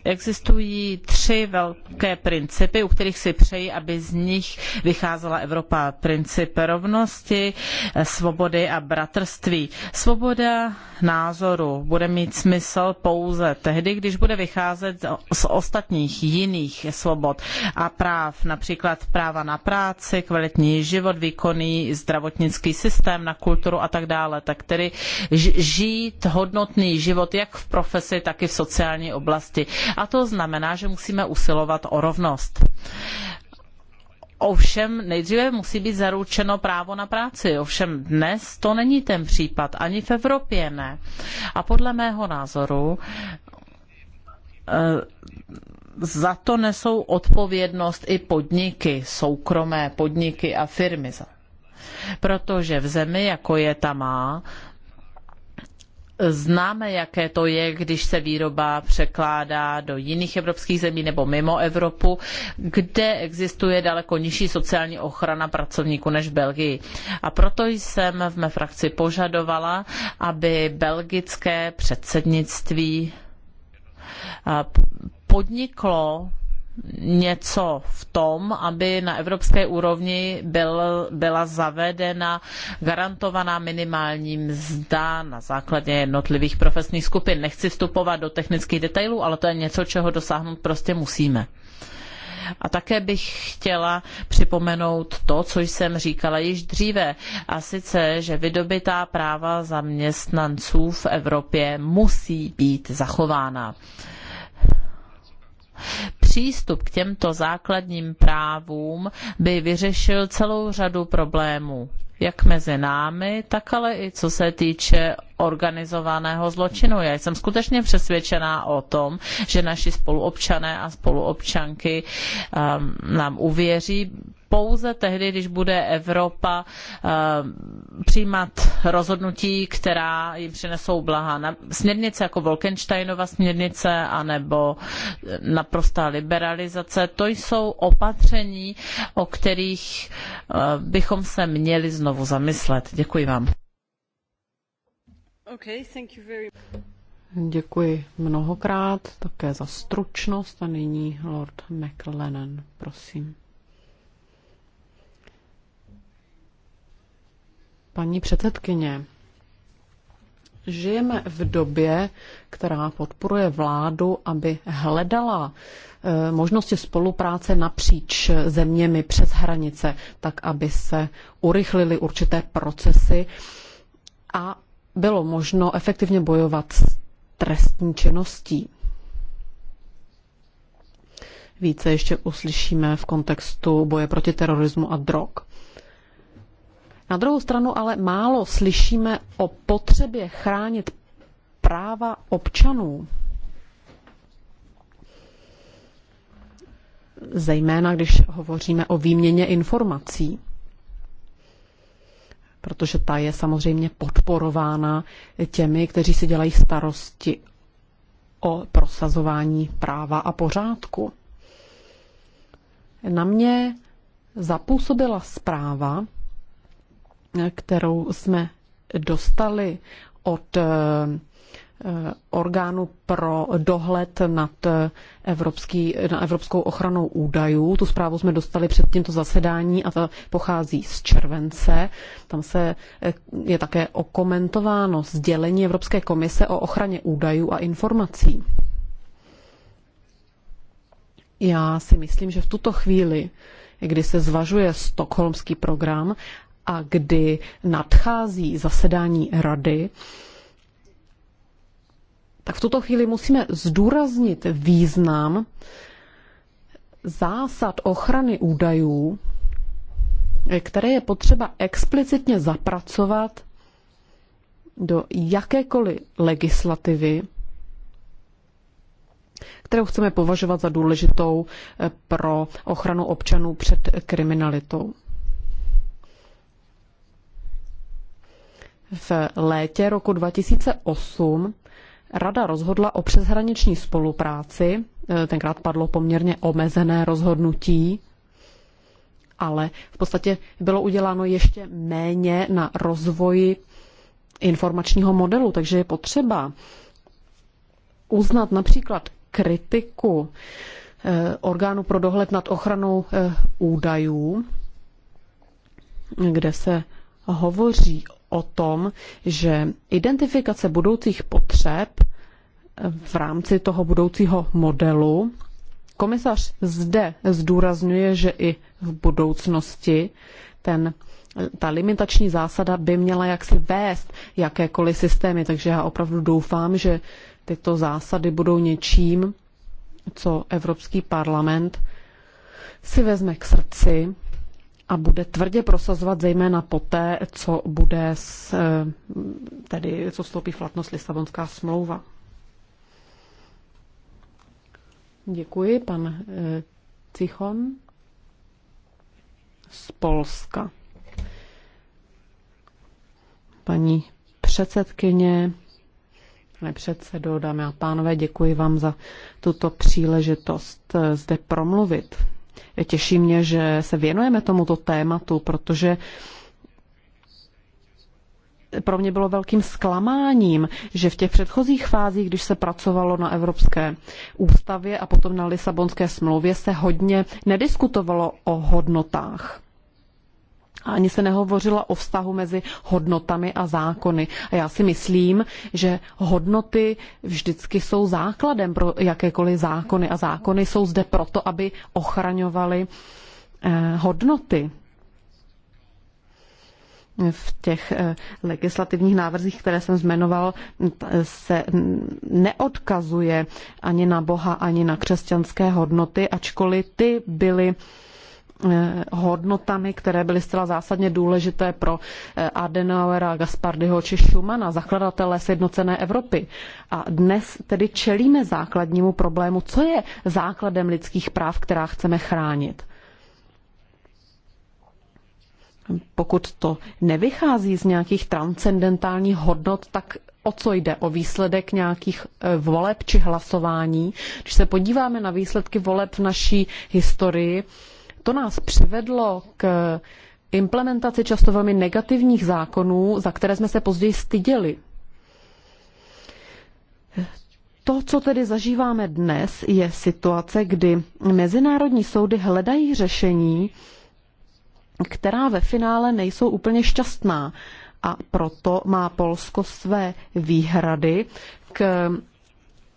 S1: Existují tři velké principy, u kterých si přeji, aby z nich vycházela Evropa. Princip rovnosti, svobody a bratrství. Svoboda názoru bude mít smysl pouze tehdy, když bude vycházet z ostatních jiných svobod a práv, například práva na práci, kvalitní život, výkonný zdravotnický systém, na kulturu a tak dále. Tak tedy žít hodnotný život jak v profesi, tak i v sociální oblasti. A to znamená, že musíme usilovat o rovnost. Ovšem nejdříve musí být zaručeno právo na práci. Ovšem dnes to není ten případ, ani v Evropě ne. A podle mého názoru eh, za to nesou odpovědnost i podniky, soukromé podniky a firmy. Protože v zemi, jako je ta má, Známe, jaké to je, když se výroba překládá do jiných evropských zemí nebo mimo Evropu, kde existuje daleko nižší sociální ochrana pracovníků než v Belgii. A proto jsem v mé frakci požadovala, aby belgické předsednictví podniklo něco v tom, aby na evropské úrovni byl, byla zavedena garantovaná minimální mzda na základě jednotlivých profesních skupin. Nechci vstupovat do technických detailů, ale to je něco, čeho dosáhnout prostě musíme. A také bych chtěla připomenout to, co jsem říkala již dříve, a sice, že vydobytá práva zaměstnanců v Evropě musí být zachována přístup k těmto základním právům by vyřešil celou řadu problémů jak mezi námi, tak ale i co se týče organizovaného zločinu. Já jsem skutečně přesvědčená o tom, že naši spoluobčané a spoluobčanky um, nám uvěří, pouze tehdy, když bude Evropa eh, přijímat rozhodnutí, která jim přinesou blaha. Směrnice jako Wolkensteinova směrnice anebo naprostá liberalizace, to jsou opatření, o kterých eh, bychom se měli znovu zamyslet. Děkuji vám. Okay, very... Děkuji mnohokrát také za stručnost a nyní
S2: Lord McLennan, prosím. Paní předsedkyně, žijeme v době, která podporuje vládu, aby hledala eh, možnosti spolupráce napříč zeměmi přes hranice, tak aby se urychlily určité procesy a bylo možno efektivně bojovat s trestní činností. Více ještě uslyšíme v kontextu boje proti terorismu a drog. Na druhou stranu ale málo slyšíme o potřebě chránit práva občanů. Zejména když hovoříme o výměně informací, protože ta je samozřejmě podporována těmi, kteří si dělají starosti o prosazování práva a pořádku. Na mě zapůsobila zpráva, kterou jsme dostali od eh, eh, orgánu pro dohled nad eh, evropský, na evropskou ochranou údajů. Tu zprávu jsme dostali před tímto zasedání a ta pochází z července. Tam se je také okomentováno sdělení Evropské komise o ochraně údajů a informací. Já si myslím, že v tuto chvíli, kdy se zvažuje stokholmský program a kdy nadchází zasedání rady, tak v tuto chvíli musíme zdůraznit význam zásad ochrany údajů, které je potřeba explicitně zapracovat do jakékoliv legislativy, kterou chceme považovat za důležitou eh, pro ochranu občanů před kriminalitou. v létě roku 2008 Rada rozhodla o přeshraniční spolupráci. E, tenkrát padlo poměrně omezené rozhodnutí, ale v podstatě bylo uděláno ještě méně na rozvoji informačního modelu, takže je potřeba uznat například kritiku e, orgánu pro dohled nad ochranou e, údajů, kde se hovoří o tom, že identifikace budoucích potřeb v rámci toho budoucího modelu komisař zde zdůrazňuje, že i v budoucnosti ten, ta limitační zásada by měla jaksi vést jakékoliv systémy, takže já opravdu doufám, že tyto zásady budou něčím, co Evropský parlament si vezme k srdci a bude tvrdě prosazovat zejména poté, co bude s, eh, tedy, co vstoupí v platnost Lisabonská smlouva. Děkuji, pan eh, Cichon z Polska. Paní předsedkyně, nepředsedo, dámy a pánové, děkuji vám za tuto příležitost eh, zde promluvit Těší mě, že se věnujeme tomuto tématu, protože pro mě bylo velkým zklamáním, že v těch předchozích fázích, když se pracovalo na Evropské ústavě a potom na Lisabonské smlouvě, se hodně nediskutovalo o hodnotách a ani se nehovořilo o vztahu mezi hodnotami a zákony. A já si myslím, že hodnoty vždycky jsou základem pro jakékoliv zákony a zákony jsou zde proto, aby ochraňovaly eh, hodnoty. V těch eh, legislativních návrzích, které jsem zmenoval, se neodkazuje ani na Boha, ani na křesťanské hodnoty, ačkoliv ty byly Eh, hodnotami, které byly zcela zásadně důležité pro eh, Adenauera, Gaspardyho či Schumana, zakladatele sjednocené Evropy. A dnes tedy čelíme základnímu problému, co je základem lidských práv, která chceme chránit. Pokud to nevychází z nějakých transcendentálních hodnot, tak o co jde, o výsledek nějakých eh, voleb či hlasování. Když se podíváme na výsledky voleb v naší historii, to nás přivedlo k implementaci často velmi negativních zákonů, za které jsme se později styděli. To, co tedy zažíváme dnes, je situace, kdy mezinárodní soudy hledají řešení, která ve finále nejsou úplně šťastná. A proto má Polsko své výhrady k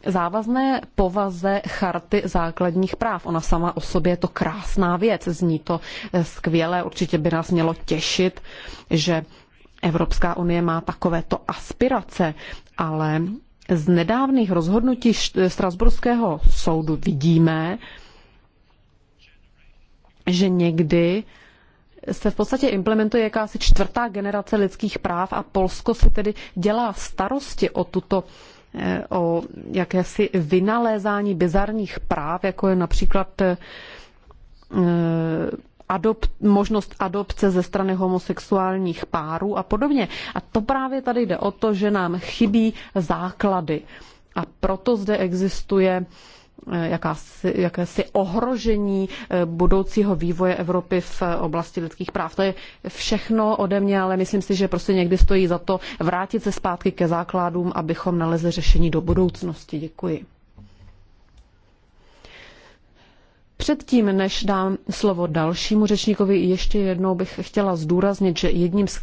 S2: závazné povaze charty základních práv. Ona sama o sobě je to krásná věc, zní to eh, skvěle, určitě by nás mělo těšit, že Evropská unie má takovéto aspirace, ale z nedávných rozhodnutí Strasburského soudu vidíme, že někdy se v podstatě implementuje jakási čtvrtá generace lidských práv a Polsko si tedy dělá starosti o tuto o jakési vynalézání bizarních práv, jako je například eh, Adop, možnost adopce ze strany homosexuálních párů a podobně. A to právě tady jde o to, že nám chybí základy. A proto zde existuje Eh, jakási, jakési ohrožení eh, budoucího vývoje Evropy v eh, oblasti lidských práv. To je všechno ode mě, ale myslím si, že prostě někdy stojí za to vrátit se zpátky ke základům, abychom nalezli řešení do budoucnosti. Děkuji. Předtím, než dám slovo dalšímu řečníkovi, ještě jednou bych chtěla zdůraznit, že jedním z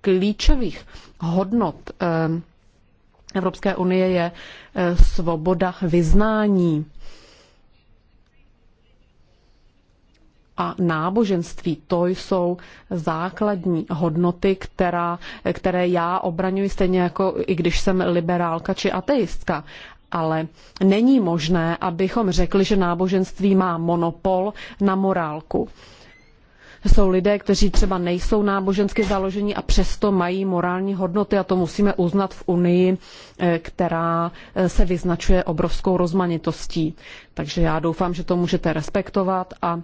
S2: klíčových hodnot eh, Evropské unie je eh, svoboda vyznání a náboženství. To jsou základní hodnoty, která, které já obraňuji stejně jako i když jsem liberálka či ateistka. Ale není možné, abychom řekli, že náboženství má monopol na morálku. Jsou lidé, kteří třeba nejsou nábožensky založení a přesto mají morální hodnoty a to musíme uznat v Unii, eh, která eh, se vyznačuje obrovskou rozmanitostí. Takže já doufám, že to můžete respektovat a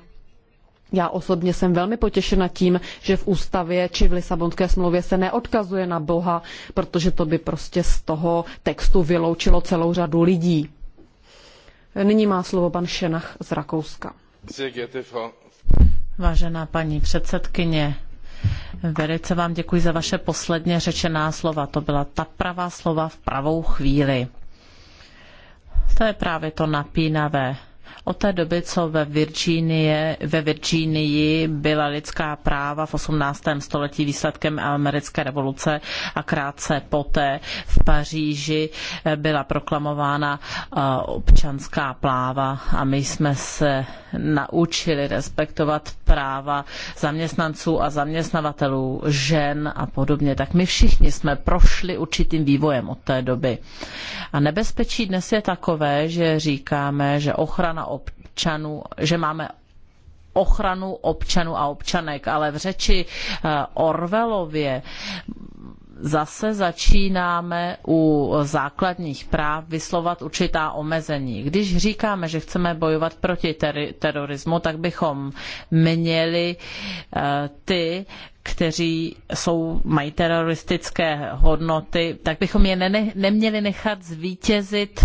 S2: já osobně jsem velmi potěšena tím, že v ústavě či v Lisabonské smlouvě se neodkazuje na Boha, protože to by prostě z toho textu vyloučilo celou řadu lidí. Nyní má slovo pan Šenach z Rakouska.
S5: Sehr geehrte Frau
S1: Vážená paní předsedkyně, velice vám děkuji za vaše posledně řečená slova. To byla ta pravá slova v pravou chvíli. To je právě to napínavé. Od té doby, co ve Virginii, ve Virginii byla lidská práva v 18. století výsledkem americké revoluce a krátce poté v Paříži eh, byla proklamována eh, občanská práva a my jsme se naučili respektovat práva zaměstnanců a zaměstnavatelů, žen a podobně. Tak my všichni jsme prošli určitým vývojem od té doby. A nebezpečí dnes je takové, že říkáme, že ochrana občanů, že máme ochranu občanů a občanek, ale v řeči eh, Orvelově zase začínáme u základních práv vyslovat určitá omezení. Když říkáme, že chceme bojovat proti ter- terorismu, tak bychom měli eh, ty, kteří jsou, mají teroristické hodnoty, tak bychom je ne- neměli nechat zvítězit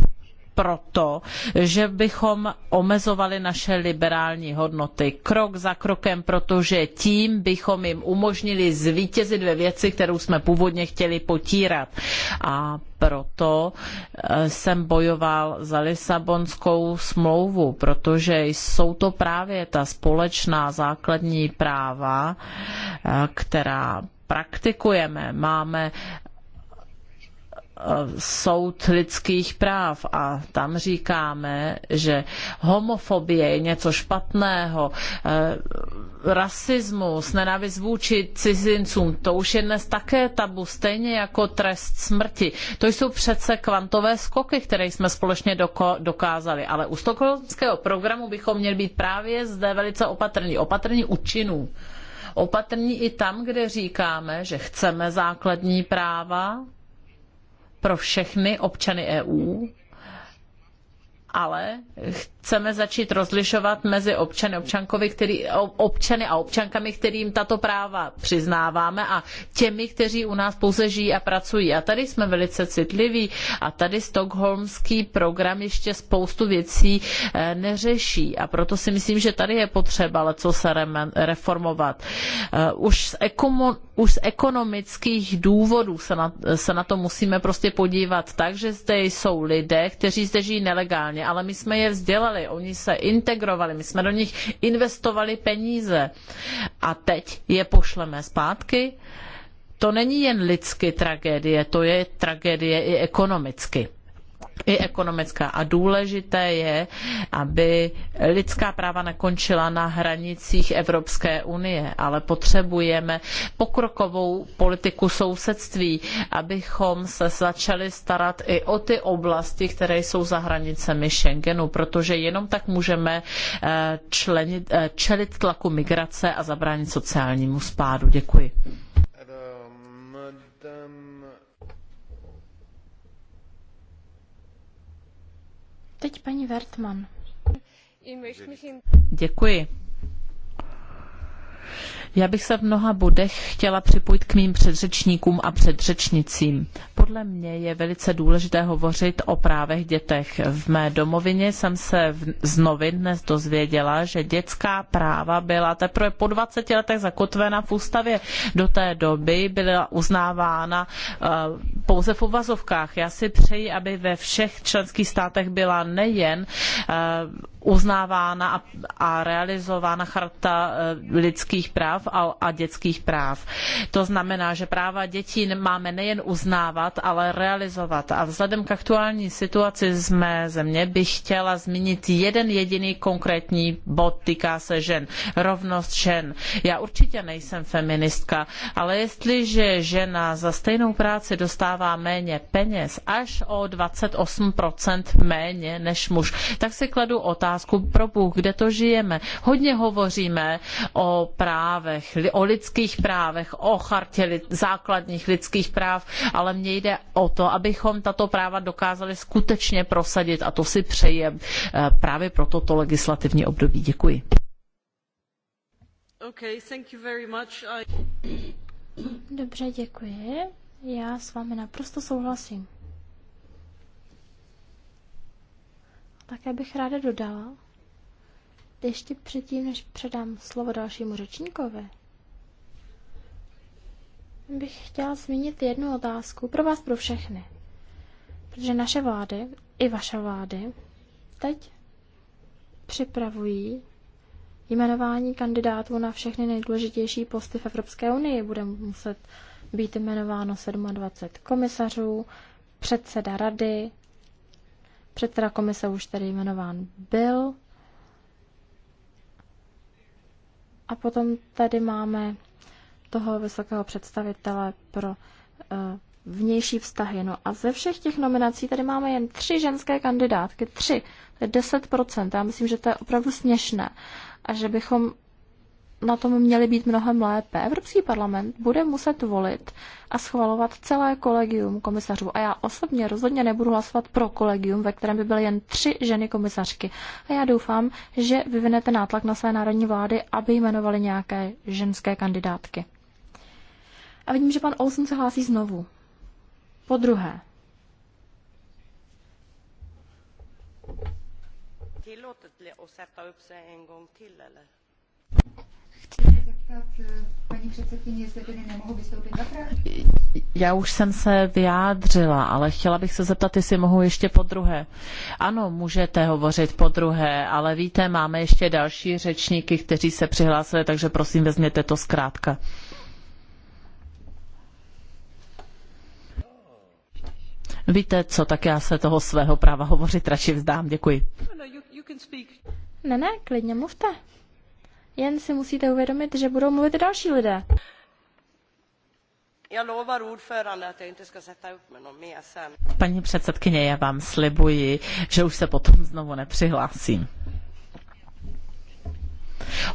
S1: proto, že bychom omezovali naše liberální hodnoty krok za krokem, protože tím bychom jim umožnili zvítězit ve věci, kterou jsme původně chtěli potírat. A proto eh, jsem bojoval za Lisabonskou smlouvu, protože jsou to právě ta společná základní práva, eh, která praktikujeme. Máme soud lidských práv a tam říkáme, že homofobie je něco špatného, eh, rasismus, nenávist vůči cizincům, to už je dnes také tabu, stejně jako trest smrti. To jsou přece kvantové skoky, které jsme společně dokázali, ale u stokholmského programu bychom měli být právě zde velice opatrní, opatrní u činů. Opatrní i tam, kde říkáme, že chceme základní práva, pro všechny občany EU ale chceme začít rozlišovat mezi občany, občankovi, který, občany a občankami, kterým tato práva přiznáváme a těmi, kteří u nás pouze žijí a pracují. A tady jsme velice citliví a tady Stockholmský program ještě spoustu věcí eh, neřeší a proto si myslím, že tady je potřeba leco se reformovat. Eh, už z, už z ekonomických důvodů se na, se na to musíme prostě podívat tak, že zde jsou lidé, kteří zde žijí nelegálně vzděláni, ale my jsme je vzdělali, oni se integrovali, my jsme do nich investovali peníze a teď je pošleme zpátky. To není jen lidsky tragédie, to je tragédie i ekonomicky i ekonomická. A důležité je, aby lidská práva nekončila na hranicích Evropské unie, ale potřebujeme pokrokovou politiku sousedství, abychom se začali starat i o ty oblasti, které jsou za hranicemi Schengenu, protože jenom tak můžeme eh, členit, eh, čelit tlaku migrace a zabránit sociálnímu spádu. Děkuji.
S3: Teď paní Wertmann.
S1: Děkuji. Já bych se v mnoha bodech chtěla připojit k mým předřečníkům a předřečnicím. Podle mě je velice důležité hovořit o právech dětech. V mé domovině jsem se z novin dnes dozvěděla, že dětská práva byla teprve po 20 letech zakotvena v ústavě. Do té doby byla uznávána eh, pouze v uvazovkách. Já si přeji, aby ve všech členských státech byla nejen eh, uznávána a, a realizována charta eh, lidských práv a, a dětských práv. To znamená, že práva dětí máme nejen uznávat, ale realizovat. A vzhledem k aktuální situaci z mé země bych chtěla zmínit jeden jediný konkrétní bod, týká se žen. Rovnost žen. Já určitě nejsem feministka, ale jestliže žena za stejnou práci dostává méně peněz, až o 28% méně než muž, tak si kladu otázku, otázku pro Bůh, kde to žijeme. Hodně hovoříme o právech, o lidských právech, o chartě základních lidských práv, ale mně jde o to, abychom tato práva dokázali skutečně prosadit a to si přeje eh, právě pro toto legislativní období. Děkuji.
S2: Okay, I...
S3: Dobře, děkuji. Já s vámi naprosto souhlasím. Také bych ráda dodala, ještě předtím, než předám slovo dalšímu řečníkovi, bych chtěla zmínit jednu otázku pro vás, pro všechny. Protože naše vlády, i vaše vlády, teď připravují jmenování kandidátů na všechny nejdůležitější posty v Evropské unii. Bude muset být jmenováno 27 komisařů, předseda rady, Předseda komise už tedy jmenován byl. A potom tady máme toho vysokého představitele pro eh, vnější vztahy. No a ze všech těch nominací tady máme jen tři ženské kandidátky. Tři. To je 10%. Já myslím, že to je opravdu směšné. A že bychom na tom měli být mnohem lépe. Evropský parlament bude muset volit a schvalovat celé kolegium komisařů. A já osobně rozhodně nebudu hlasovat pro kolegium, ve kterém by byly jen tři ženy komisařky. A já doufám, že vyvinete nátlak na své národní vlády, aby jmenovali nějaké ženské kandidátky. A vidím, že pan Olsen se hlásí znovu. Po druhé.
S1: Já už jsem se vyjádřila, ale chtěla bych se zeptat, jestli mohu ještě po druhé. Ano, můžete hovořit po druhé, ale víte, máme ještě další řečníky, kteří se přihlásili, takže prosím, vezměte to zkrátka. Víte co, tak já se toho svého práva hovořit radši vzdám. Děkuji.
S3: Ne, ne, klidně mluvte. Jen si musíte uvědomit, že budou mluvit další lidé.
S1: Paní předsedkyně, já vám slibuji, že už se potom znovu nepřihlásím.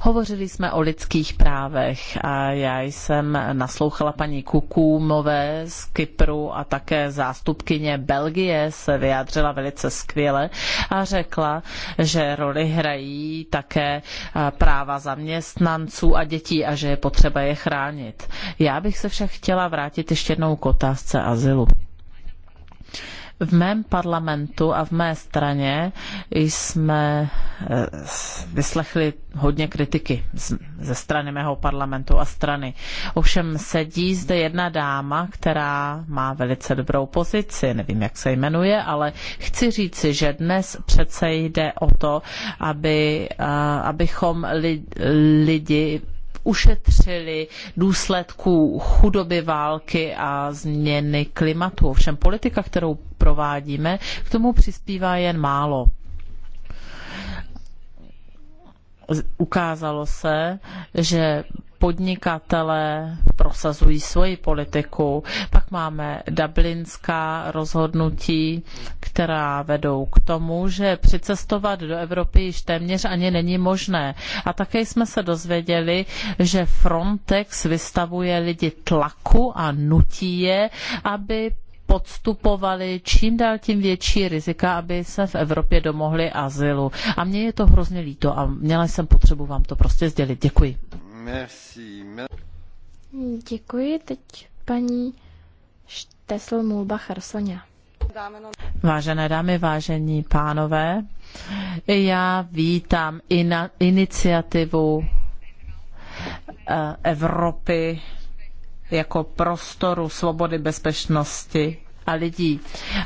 S1: Hovořili jsme o lidských právech a já jsem naslouchala paní Kukumové z Kypru a také zástupkyně Belgie se vyjádřila velice skvěle a řekla, že roli hrají také práva zaměstnanců a dětí a že je potřeba je chránit. Já bych se však chtěla vrátit ještě jednou k otázce azylu. V mém parlamentu a v mé straně jsme eh, vyslechli hodně kritiky ze strany mého parlamentu a strany. Ovšem sedí zde jedna dáma, která má velice dobrou pozici, nevím, jak se jmenuje, ale chci říci, že dnes přece jde o to, aby, eh, abychom lidi ušetřili důsledků chudoby války a změny klimatu. Ovšem politika, kterou provádíme, k tomu přispívá jen málo ukázalo se, že podnikatelé prosazují svoji politiku. Pak máme dublinská rozhodnutí, která vedou k tomu, že přicestovat do Evropy již téměř ani není možné. A také jsme se dozvěděli, že Frontex vystavuje lidi tlaku a nutí je, aby podstupovali čím dál tím větší rizika, aby se v Evropě domohli azylu. A mně je to hrozně líto a měla jsem potřebu vám to prostě sdělit. Děkuji. Děkuji. Teď paní Štesl Mulbacher Sonja. Vážené dámy, vážení pánové, já vítám iniciativu eh, Evropy jako prostoru svobody, bezpečnosti a lidí.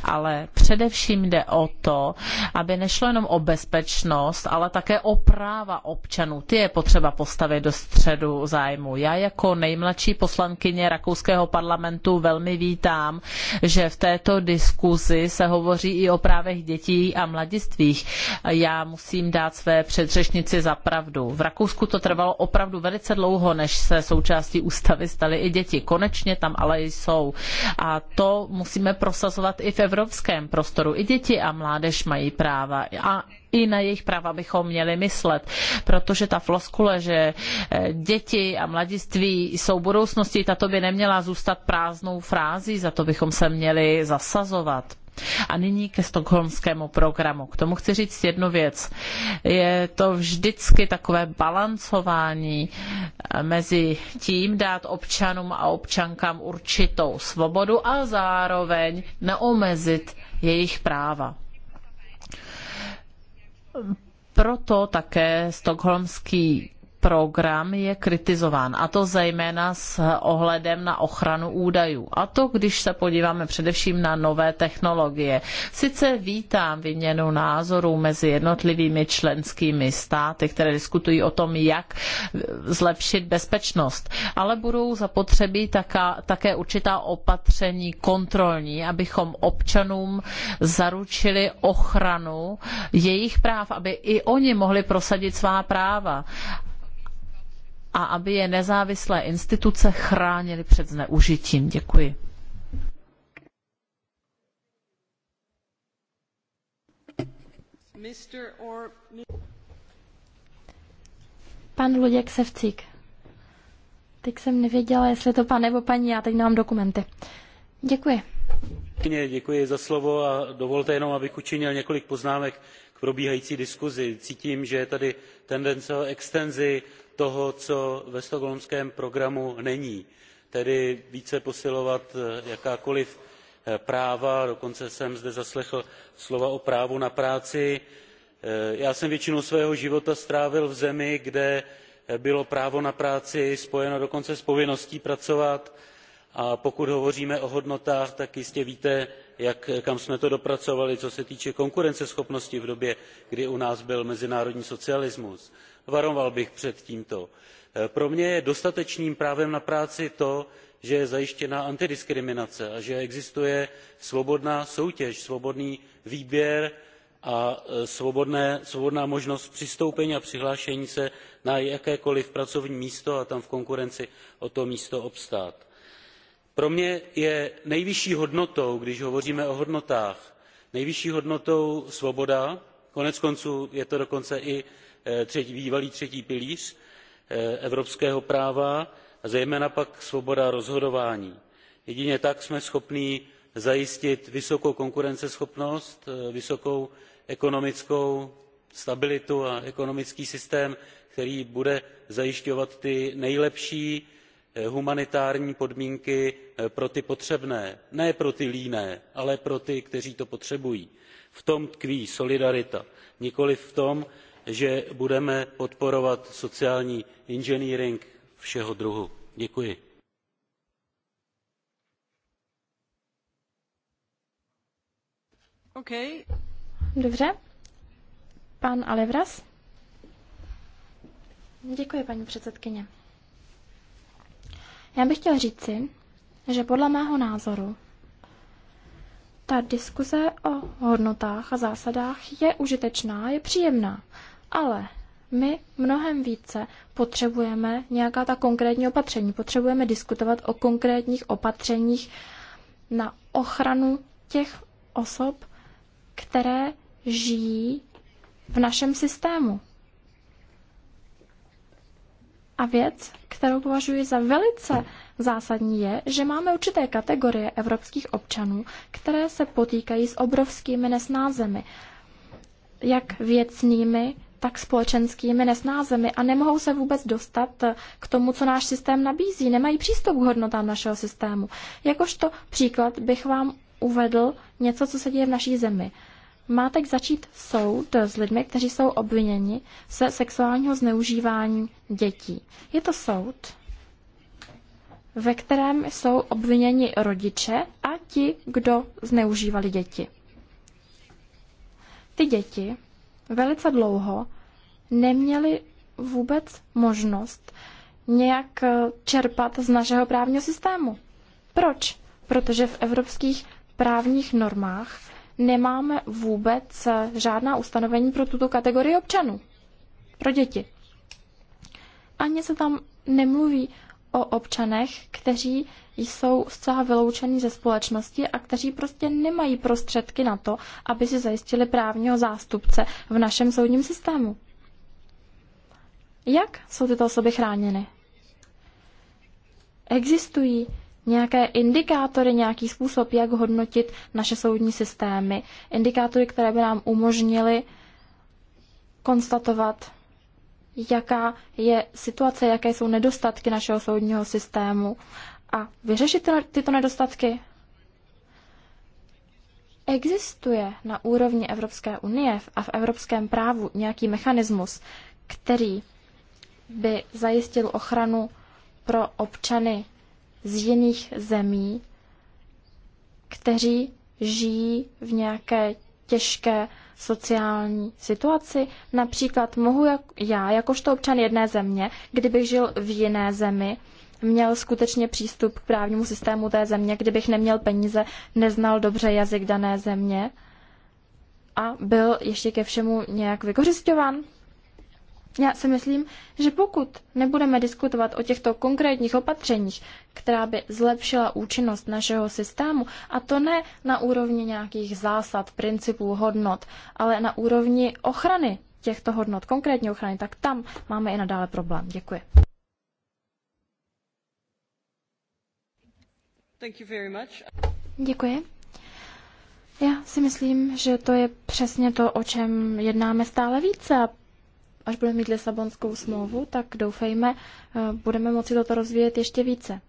S1: Ale především jde o to, aby nešlo jenom o bezpečnost, ale také o práva občanů. Ty je potřeba postavit do středu zájmu. Já jako nejmladší poslankyně rakouského parlamentu velmi vítám, že v této diskuzi se hovoří i o právech dětí a mladistvých. Já musím dát své předřečnici za pravdu. V Rakousku to trvalo opravdu velice dlouho, než se součástí ústavy staly i děti. Konečně tam ale jsou. A to musíme musíme prosazovat i v evropském prostoru. I děti a mládež mají práva a i na jejich práva bychom měli myslet, protože ta floskule, že eh, děti a mladiství jsou budoucností, tato by neměla zůstat prázdnou frází, za to bychom se měli zasazovat. A nyní ke stokholmskému programu. K tomu chci říct jednu věc. Je to vždycky takové balancování eh, mezi tím dát občanům a občankám určitou svobodu a zároveň neomezit jejich práva proto také stokholmský program je kritizován, a to zejména s ohledem na ochranu údajů. A to, když se podíváme především na nové technologie. Sice vítám výměnu názorů mezi jednotlivými členskými státy, které diskutují o tom, jak zlepšit bezpečnost, ale budou zapotřebí taká, také určitá opatření kontrolní, abychom občanům zaručili ochranu jejich práv, aby i oni mohli prosadit svá práva a aby je nezávislé instituce chránily před zneužitím. Děkuji.
S3: Pan Luděk Sevcík. Teď jsem nevěděla, jestli to pan nebo paní, já teď nemám dokumenty. Děkuji.
S4: Děkuji za slovo a dovolte jenom, abych učinil několik poznámek k probíhající diskuzi. Cítím, že je tady tendence o extenzi toho co ve stockholmském programu není tedy více posilovat eh, jakákoliv eh, práva dokonce jsem zde zaslechl slova o právu na práci. Eh, já jsem většinu svého života strávil v zemi kde bylo právo na práci spojeno dokonce s povinností pracovat a pokud hovoříme o hodnotách tak jistě víte kam jsme to dopracovali co se týče konkurenceschopnosti v době kdy u nás byl mezinárodní socialismus varoval bych před tímto. Eh, pro mě je dostatečným právem na práci to že je zajištěna antidiskriminace a že existuje svobodná soutěž svobodný výběr a eh, svobodná možnost přistoupení a přihlášení se na jakékoliv pracovní místo a tam v konkurenci o to místo obstát. pro mě je nejvyšší hodnotou když hovoříme o hodnotách nejvyšší hodnotou svoboda koneckonců je to dokonce i Eh, třetí, bývalý třetí pilíř eh, evropského práva a zejména pak svoboda rozhodování. jedině tak jsme schopni zajistit vysokou konkurenceschopnost eh, vysokou ekonomickou stabilitu a ekonomický systém který bude zajišťovat ty nejlepší humanitární podmínky pro ty potřebné ne pro ty líné ale pro ty kteří to potřebují. v tom tkví solidarita nikoliv v tom že budeme podporovat sociální inženýring všeho druhu. děkuji.
S3: Dobře. Pan Alevras? Děkuji, paní předsedkyně. Já bych chtěl říci, že podle mého názoru ta diskuze o hodnotách a zásadách je užitečná, je příjemná ale my mnohem více potřebujeme nějaká ta konkrétní opatření. Potřebujeme diskutovat o konkrétních opatřeních na ochranu těch osob, které žijí v našem systému. A věc, kterou považuji za velice zásadní, je, že máme určité kategorie evropských občanů, které se potýkají s obrovskými nesnázemi, jak věcnými, tak společenskými nesnázemi a nemohou se vůbec dostat eh, k tomu, co náš systém nabízí. Nemají přístup k hodnotám našeho systému. Jakožto příklad bych vám uvedl něco, co se děje v naší zemi. Má teď začít soud s lidmi, kteří jsou obviněni se sexuálního zneužívání dětí. Je to soud, ve kterém jsou obviněni rodiče a ti, kdo zneužívali děti. Ty děti velice dlouho neměli vůbec možnost nějak eh, čerpat z našeho právního systému. Proč? Protože v evropských právních normách nemáme vůbec eh, žádná ustanovení pro tuto kategorii občanů, pro děti. Ani se tam nemluví o občanech, kteří jsou zcela vyloučeni ze společnosti a kteří prostě nemají prostředky na to, aby si zajistili právního zástupce v našem soudním systému. Jak jsou tyto osoby chráněny? Existují nějaké indikátory, nějaký způsob, jak hodnotit naše soudní systémy. Indikátory, které by nám umožnily konstatovat, jaká je situace, jaké jsou nedostatky našeho soudního systému a vyřešit tyto nedostatky? Existuje na úrovni Evropské unie a v evropském právu nějaký mechanismus, který by zajistil ochranu pro občany z jiných zemí, kteří žijí v nějaké těžké sociální situaci. Například mohu jak, já, jakožto občan jedné země, kdybych žil v jiné zemi, měl skutečně přístup k právnímu systému té země, kdybych neměl peníze, neznal dobře jazyk dané země a byl ještě ke všemu nějak vykořišťován. Já si myslím, že pokud nebudeme diskutovat o těchto konkrétních opatřeních, která by zlepšila účinnost našeho systému, a to ne na úrovni nějakých zásad, principů, hodnot, ale na úrovni ochrany těchto hodnot, konkrétní ochrany, tak tam máme i nadále problém. Děkuji. Děkuji. Já si myslím, že to je přesně to, o čem jednáme stále více a až budeme mít Lisabonskou smlouvu, tak doufejme, eh, budeme moci toto rozvíjet ještě více.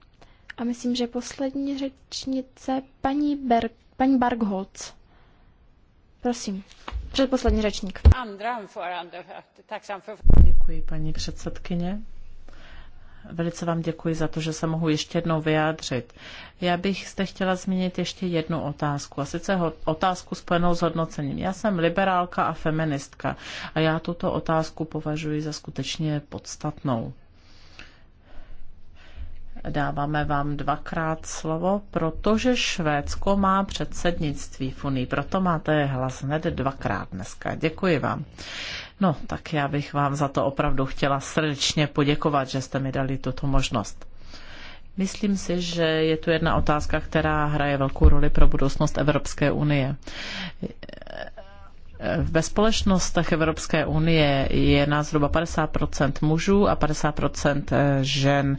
S3: A myslím, že poslední řečnice paní, Berg, paní Bargholz.
S1: Prosím, předposlední řečník. Děkuji, paní předsedkyně. Velice vám děkuji za to, že se mohu ještě jednou vyjádřit. Já bych zde chtěla zmínit ještě jednu otázku, a sice otázku spojenou s hodnocením. Já jsem liberálka a feministka a já tuto otázku považuji za skutečně podstatnou. Dáváme vám dvakrát slovo, protože Švédsko má předsednictví v Unii, proto máte hlas hned dvakrát dneska. Děkuji vám. No, tak já bych vám za to opravdu chtěla srdečně poděkovat, že jste mi dali tuto možnost. Myslím si, že je tu jedna otázka, která hraje velkou roli pro budoucnost Evropské unie. Ve společnostech Evropské unie je nás zhruba 50 mužů a 50 eh, žen.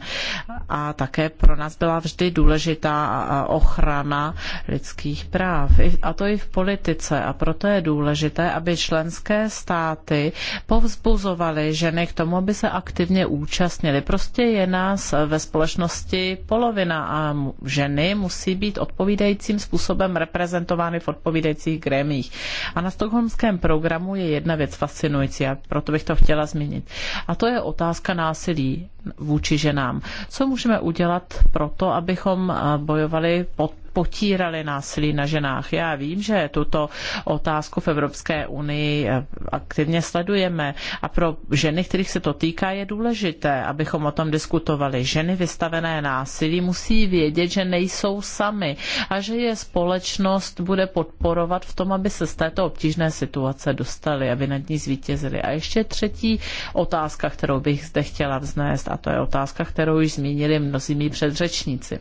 S1: A také pro nás byla vždy důležitá ochrana lidských práv. A to i v politice. A proto je důležité, aby členské státy povzbuzovaly ženy k tomu, aby se aktivně účastnili. Prostě je nás eh, ve společnosti polovina a ženy musí být odpovídajícím způsobem reprezentovány v odpovídajících gremích A na Stockholm stokholmském programu je jedna věc fascinující a proto bych to chtěla zmínit. A to je otázka násilí vůči ženám. Co můžeme udělat pro to, abychom eh, bojovali pod potírali násilí na ženách. Já vím, že tuto otázku v Evropské unii eh, aktivně sledujeme a pro ženy, kterých se to týká, je důležité, abychom o tom diskutovali. Ženy vystavené násilí musí vědět, že nejsou sami a že je společnost bude podporovat v tom, aby se z této obtížné situace dostali, aby nad ní zvítězili. A ještě třetí otázka, kterou bych zde chtěla vznést, a to je otázka, kterou již zmínili mnozí mý předřečníci.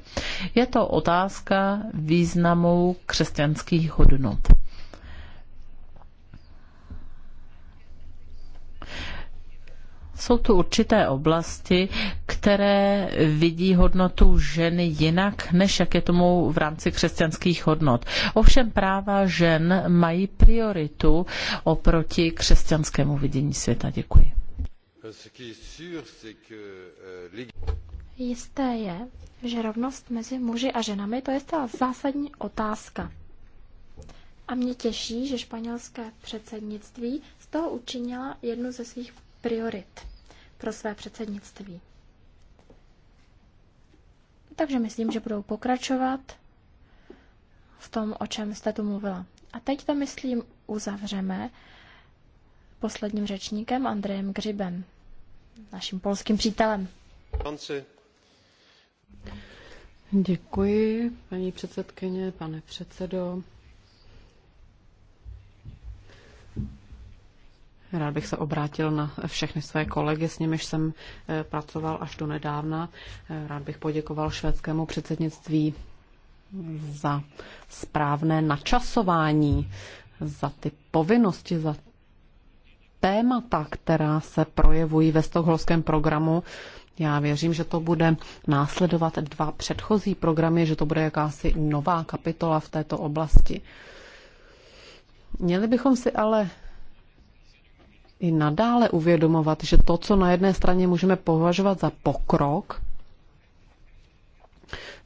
S1: Je to otázka významu křesťanských hodnot. Jsou tu určité oblasti, které vidí hodnotu ženy jinak, než jak je tomu v rámci křesťanských hodnot. Ovšem práva žen mají prioritu oproti křesťanskému vidění světa. Děkuji.
S4: Euh,
S3: Jisté je, že rovnost mezi muži a ženami to je ta zásadní otázka. A mě těší, že španělské předsednictví z toho učinila jednu ze svých priorit pro své předsednictví. Takže myslím, že budou pokračovat v tom, o čem jste tu mluvila. A teď to, myslím, uzavřeme posledním řečníkem Andrejem Gřibem, naším polským přítelem.
S4: Konci.
S2: Děkuji, paní předsedkyně, pane předsedo. Rád bych se obrátil na všechny své kolegy, s nimiž jsem eh, pracoval až do nedávna. Eh, rád bych poděkoval švédskému předsednictví za správné načasování, za ty povinnosti, za témata, která se projevují ve stokholském programu. Já věřím, že to bude následovat dva předchozí programy, že to bude jakási nová kapitola v této oblasti. Měli bychom si ale i nadále uvědomovat, že to, co na jedné straně můžeme považovat za pokrok,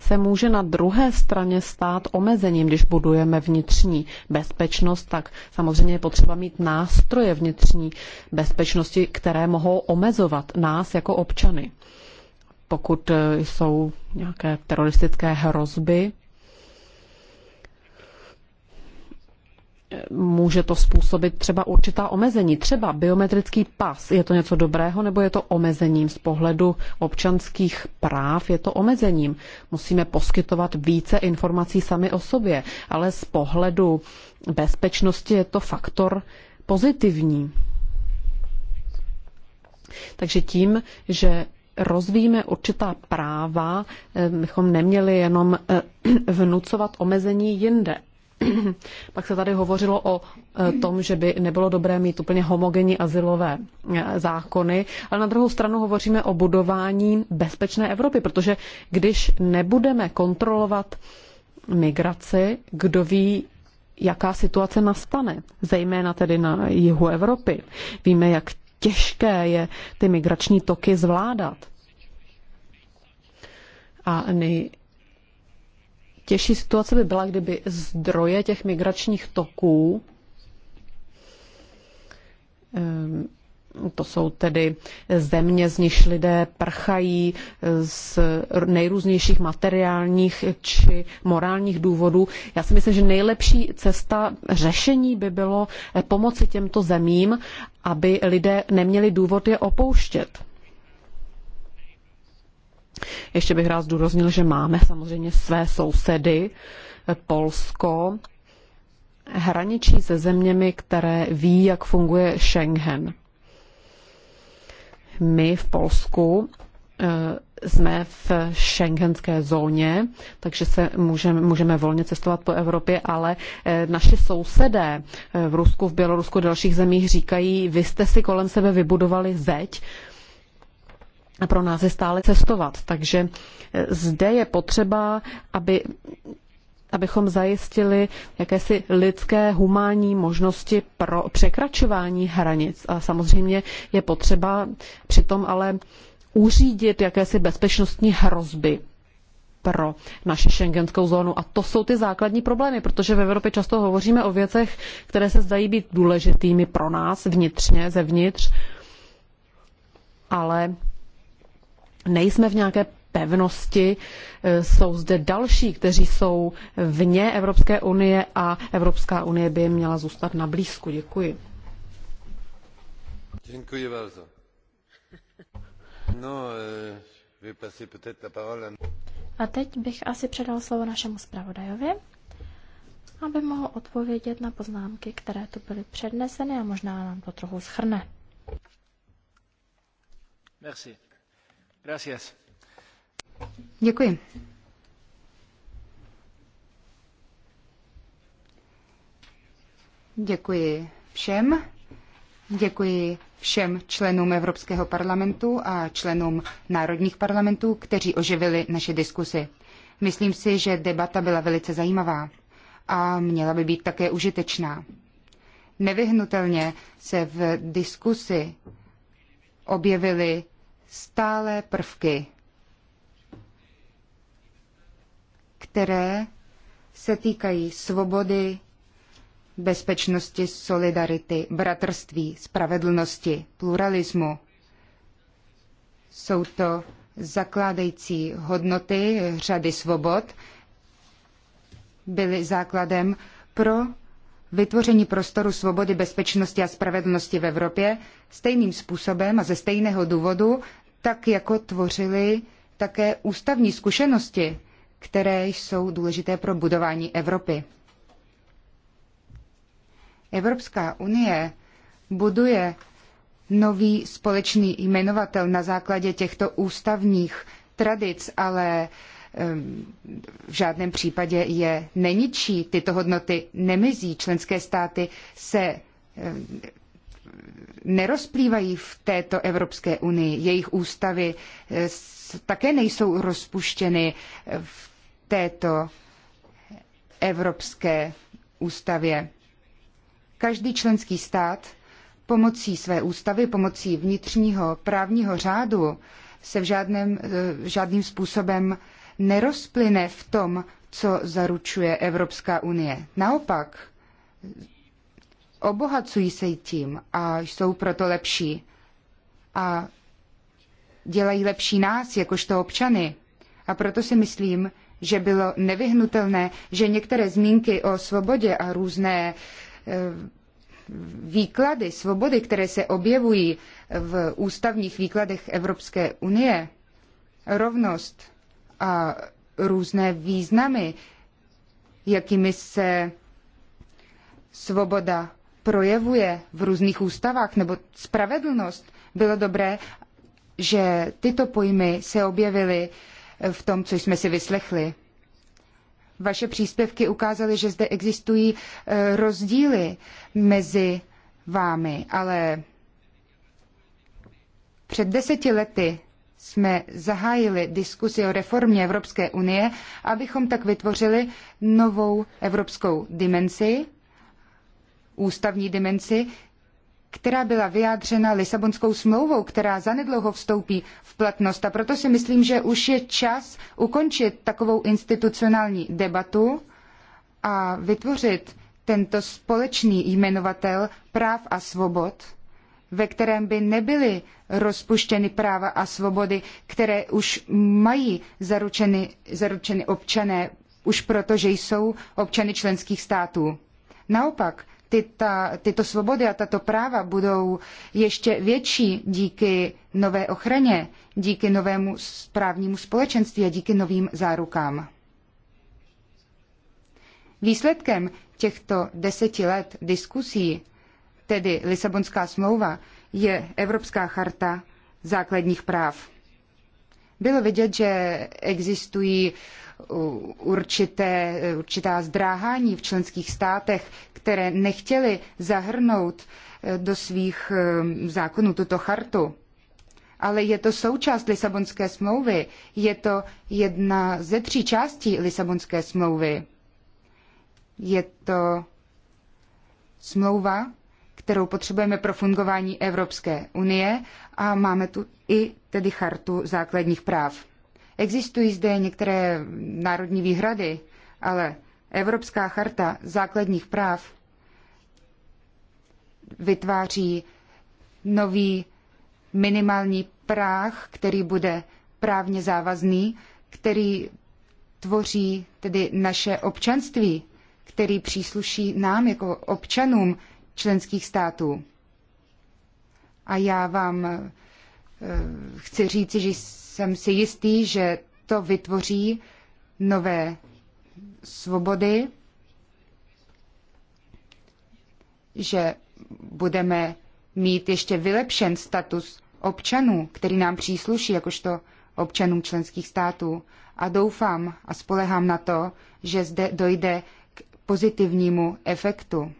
S2: se může na druhé straně stát omezením, když budujeme vnitřní bezpečnost, tak samozřejmě je potřeba mít nástroje vnitřní bezpečnosti, které mohou omezovat nás jako občany. Pokud eh, jsou nějaké teroristické hrozby, může to způsobit třeba určitá omezení. Třeba biometrický pas, je to něco dobrého nebo je to omezením z pohledu občanských práv, je to omezením. Musíme poskytovat více informací sami o sobě, ale z pohledu bezpečnosti je to faktor pozitivní. Takže tím, že rozvíjíme určitá práva, eh, bychom neměli jenom eh, vnucovat omezení jinde. Pak se tady hovořilo o eh, tom, že by nebylo dobré mít úplně homogenní asilové eh, zákony, ale na druhou stranu hovoříme o budování bezpečné Evropy, protože když nebudeme kontrolovat migraci, kdo ví, jaká situace nastane, zejména tedy na jihu Evropy. Víme, jak těžké je ty migrační toky zvládat. A těžší situace by byla, kdyby zdroje těch migračních toků, ehm, to jsou tedy země, z nichž lidé prchají eh, z nejrůznějších materiálních či morálních důvodů. Já si myslím, že nejlepší cesta řešení by bylo eh, pomoci těmto zemím, aby lidé neměli důvod je opouštět. Ještě bych rád zdůraznil, že máme samozřejmě své sousedy. Eh, Polsko hraničí se zeměmi, které ví, jak funguje Schengen. My v Polsku eh, jsme v šengenské zóně, takže se můžeme, můžeme volně cestovat po Evropě, ale eh, naši sousedé v Rusku, v Bělorusku, dalších zemích říkají, vy jste si kolem sebe vybudovali zeď, a pro nás je stále cestovat. Takže eh, zde je potřeba, aby abychom zajistili jakési lidské humánní možnosti pro překračování hranic. A samozřejmě je potřeba přitom ale uřídit jakési bezpečnostní hrozby pro naši šengenskou zónu. A to jsou ty základní problémy, protože v Evropě často hovoříme o věcech, které se zdají být důležitými pro nás vnitřně, zevnitř, ale nejsme v nějaké pevnosti. E, jsou zde další, kteří jsou vně Evropské unie a Evropská unie by jim měla zůstat na blízku. Děkuji.
S4: Děkuji No, e,
S3: a teď bych asi předal slovo našemu zpravodajovi, aby mohl odpovědět na poznámky, které tu byly předneseny a možná nám to trochu schrne.
S4: Merci. Gracias.
S5: Děkuji. Děkuji všem. Děkuji všem členům Evropského parlamentu a členům národních parlamentů, kteří oživili naše diskusy. Myslím si, že debata byla velice zajímavá a měla by být také užitečná. Nevyhnutelně se v diskusi objevily stálé prvky, které se týkají svobody, bezpečnosti, solidarity, bratrství, spravedlnosti, pluralismu. Jsou to zakládající hodnoty řady svobod, byly základem pro vytvoření prostoru svobody, bezpečnosti a spravedlnosti v Evropě stejným způsobem a ze stejného důvodu, tak jako tvořili také ústavní zkušenosti, které jsou důležité pro budování Evropy. Evropská unie buduje nový společný jmenovatel na základě těchto ústavních tradic, ale Ehm, v žádném případě je neničí. Tyto hodnoty nemizí. Členské státy se ehm, nerozplývají v této Evropské unii. Jejich ústavy eh, také nejsou rozpuštěny v této Evropské ústavě. Každý členský stát pomocí své ústavy, pomocí vnitřního právního řádu se v žádném, eh, žádným způsobem nerozplyne v tom, co zaručuje Evropská unie. Naopak, obohacují se tím a jsou proto lepší a dělají lepší nás, jakožto občany. A proto si myslím, že bylo nevyhnutelné, že některé zmínky o svobodě a různé eh, výklady svobody, které se objevují v ústavních výkladech Evropské unie, rovnost, a různé významy, jakými se svoboda projevuje v různých ústavách nebo spravedlnost, bylo dobré, že tyto pojmy se objevily v tom, co jsme si vyslechli. Vaše příspěvky ukázaly, že zde existují e, rozdíly mezi vámi, ale před deseti lety jsme zahájili diskusi o reformě Evropské unie, abychom tak vytvořili novou evropskou dimenzi, ústavní dimenzi, která byla vyjádřena Lisabonskou smlouvou, která zanedlouho vstoupí v platnost. A proto si myslím, že už je čas ukončit takovou institucionální debatu a vytvořit tento společný jmenovatel práv a svobod, ve kterém by nebyly rozpuštěny práva a svobody, které už mají zaručeny, zaručeny občané, už proto, že jsou občany členských států. Naopak, ty, ta, tyto svobody a tato práva budou ještě větší díky nové ochraně, díky novému správnímu společenství a díky novým zárukám. Výsledkem těchto deseti let diskusí tedy Lisabonská smlouva, je Evropská charta základních práv. Bylo vidět, že existují určité, určitá zdráhání v členských státech, které nechtěly zahrnout eh, do svých eh, zákonů tuto chartu. Ale je to součást Lisabonské smlouvy, je to jedna ze tří částí Lisabonské smlouvy. Je to smlouva, kterou potřebujeme pro fungování Evropské unie a máme tu i tedy chartu základních práv. Existují zde některé národní výhrady, ale Evropská charta základních práv vytváří nový minimální práh, který bude právně závazný, který tvoří tedy naše občanství, který přísluší nám jako občanům členských států. A já vám eh, chci říci, že jsem si jistý, že to vytvoří nové svobody, že budeme mít ještě vylepšen status občanů, který nám přísluší jakožto občanům členských států. A doufám a spolehám na to, že zde dojde k pozitivnímu efektu.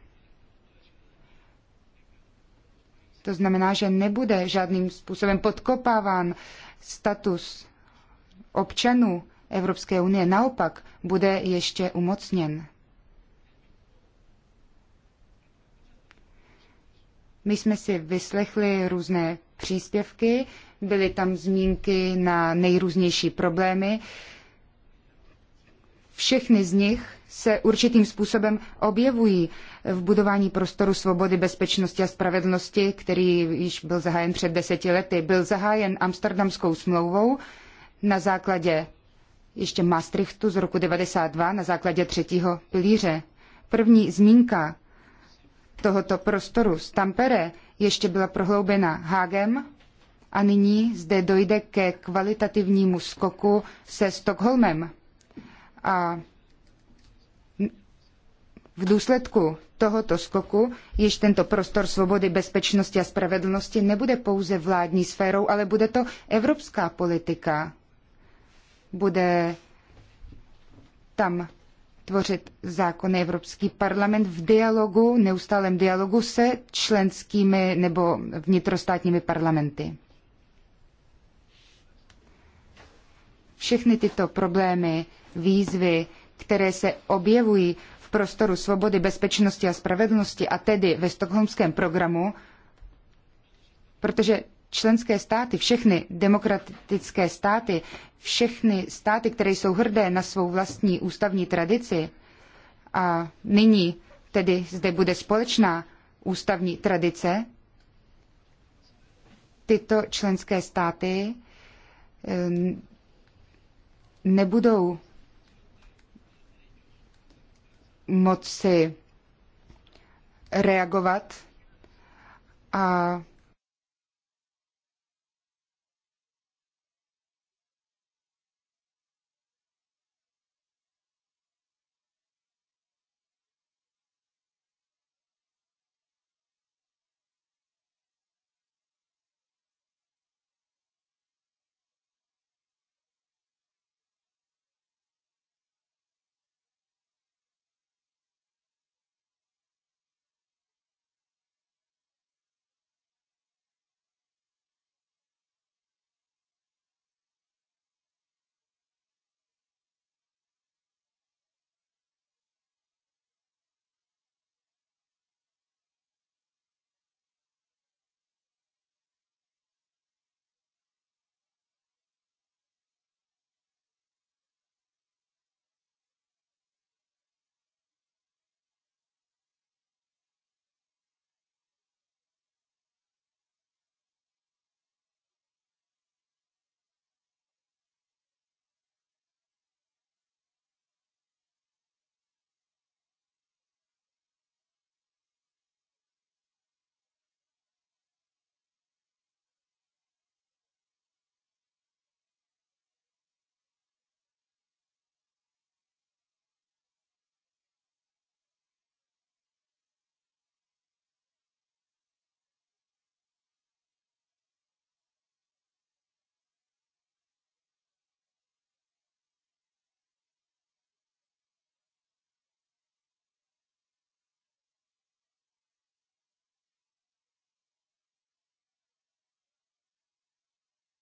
S5: To znamená, že nebude žádným způsobem podkopáván status občanů Evropské unie. Naopak, bude ještě umocněn. My jsme si vyslechli různé příspěvky, byly tam zmínky na nejrůznější problémy. Všechny z nich se určitým způsobem objevují v budování prostoru svobody, bezpečnosti a spravedlnosti, který již byl zahájen před deseti lety. Byl zahájen Amsterdamskou smlouvou na základě ještě Maastrichtu z roku 92 na základě třetího pilíře. První zmínka tohoto prostoru z Tampere ještě byla prohloubena Hágem a nyní zde dojde ke kvalitativnímu skoku se Stockholmem. A v důsledku tohoto skoku již tento prostor svobody, bezpečnosti a spravedlnosti nebude pouze vládní sférou, ale bude to evropská politika. Bude tam tvořit zákony Evropský parlament v dialogu, neustálém dialogu se členskými nebo vnitrostátními parlamenty. Všechny tyto problémy, výzvy, které se objevují prostoru svobody, bezpečnosti a spravedlnosti a tedy ve stokholmském programu, protože členské státy, všechny demokratické státy, všechny státy, které jsou hrdé na svou vlastní ústavní tradici a nyní tedy zde bude společná ústavní tradice, tyto členské státy eh, nebudou moci reagovat a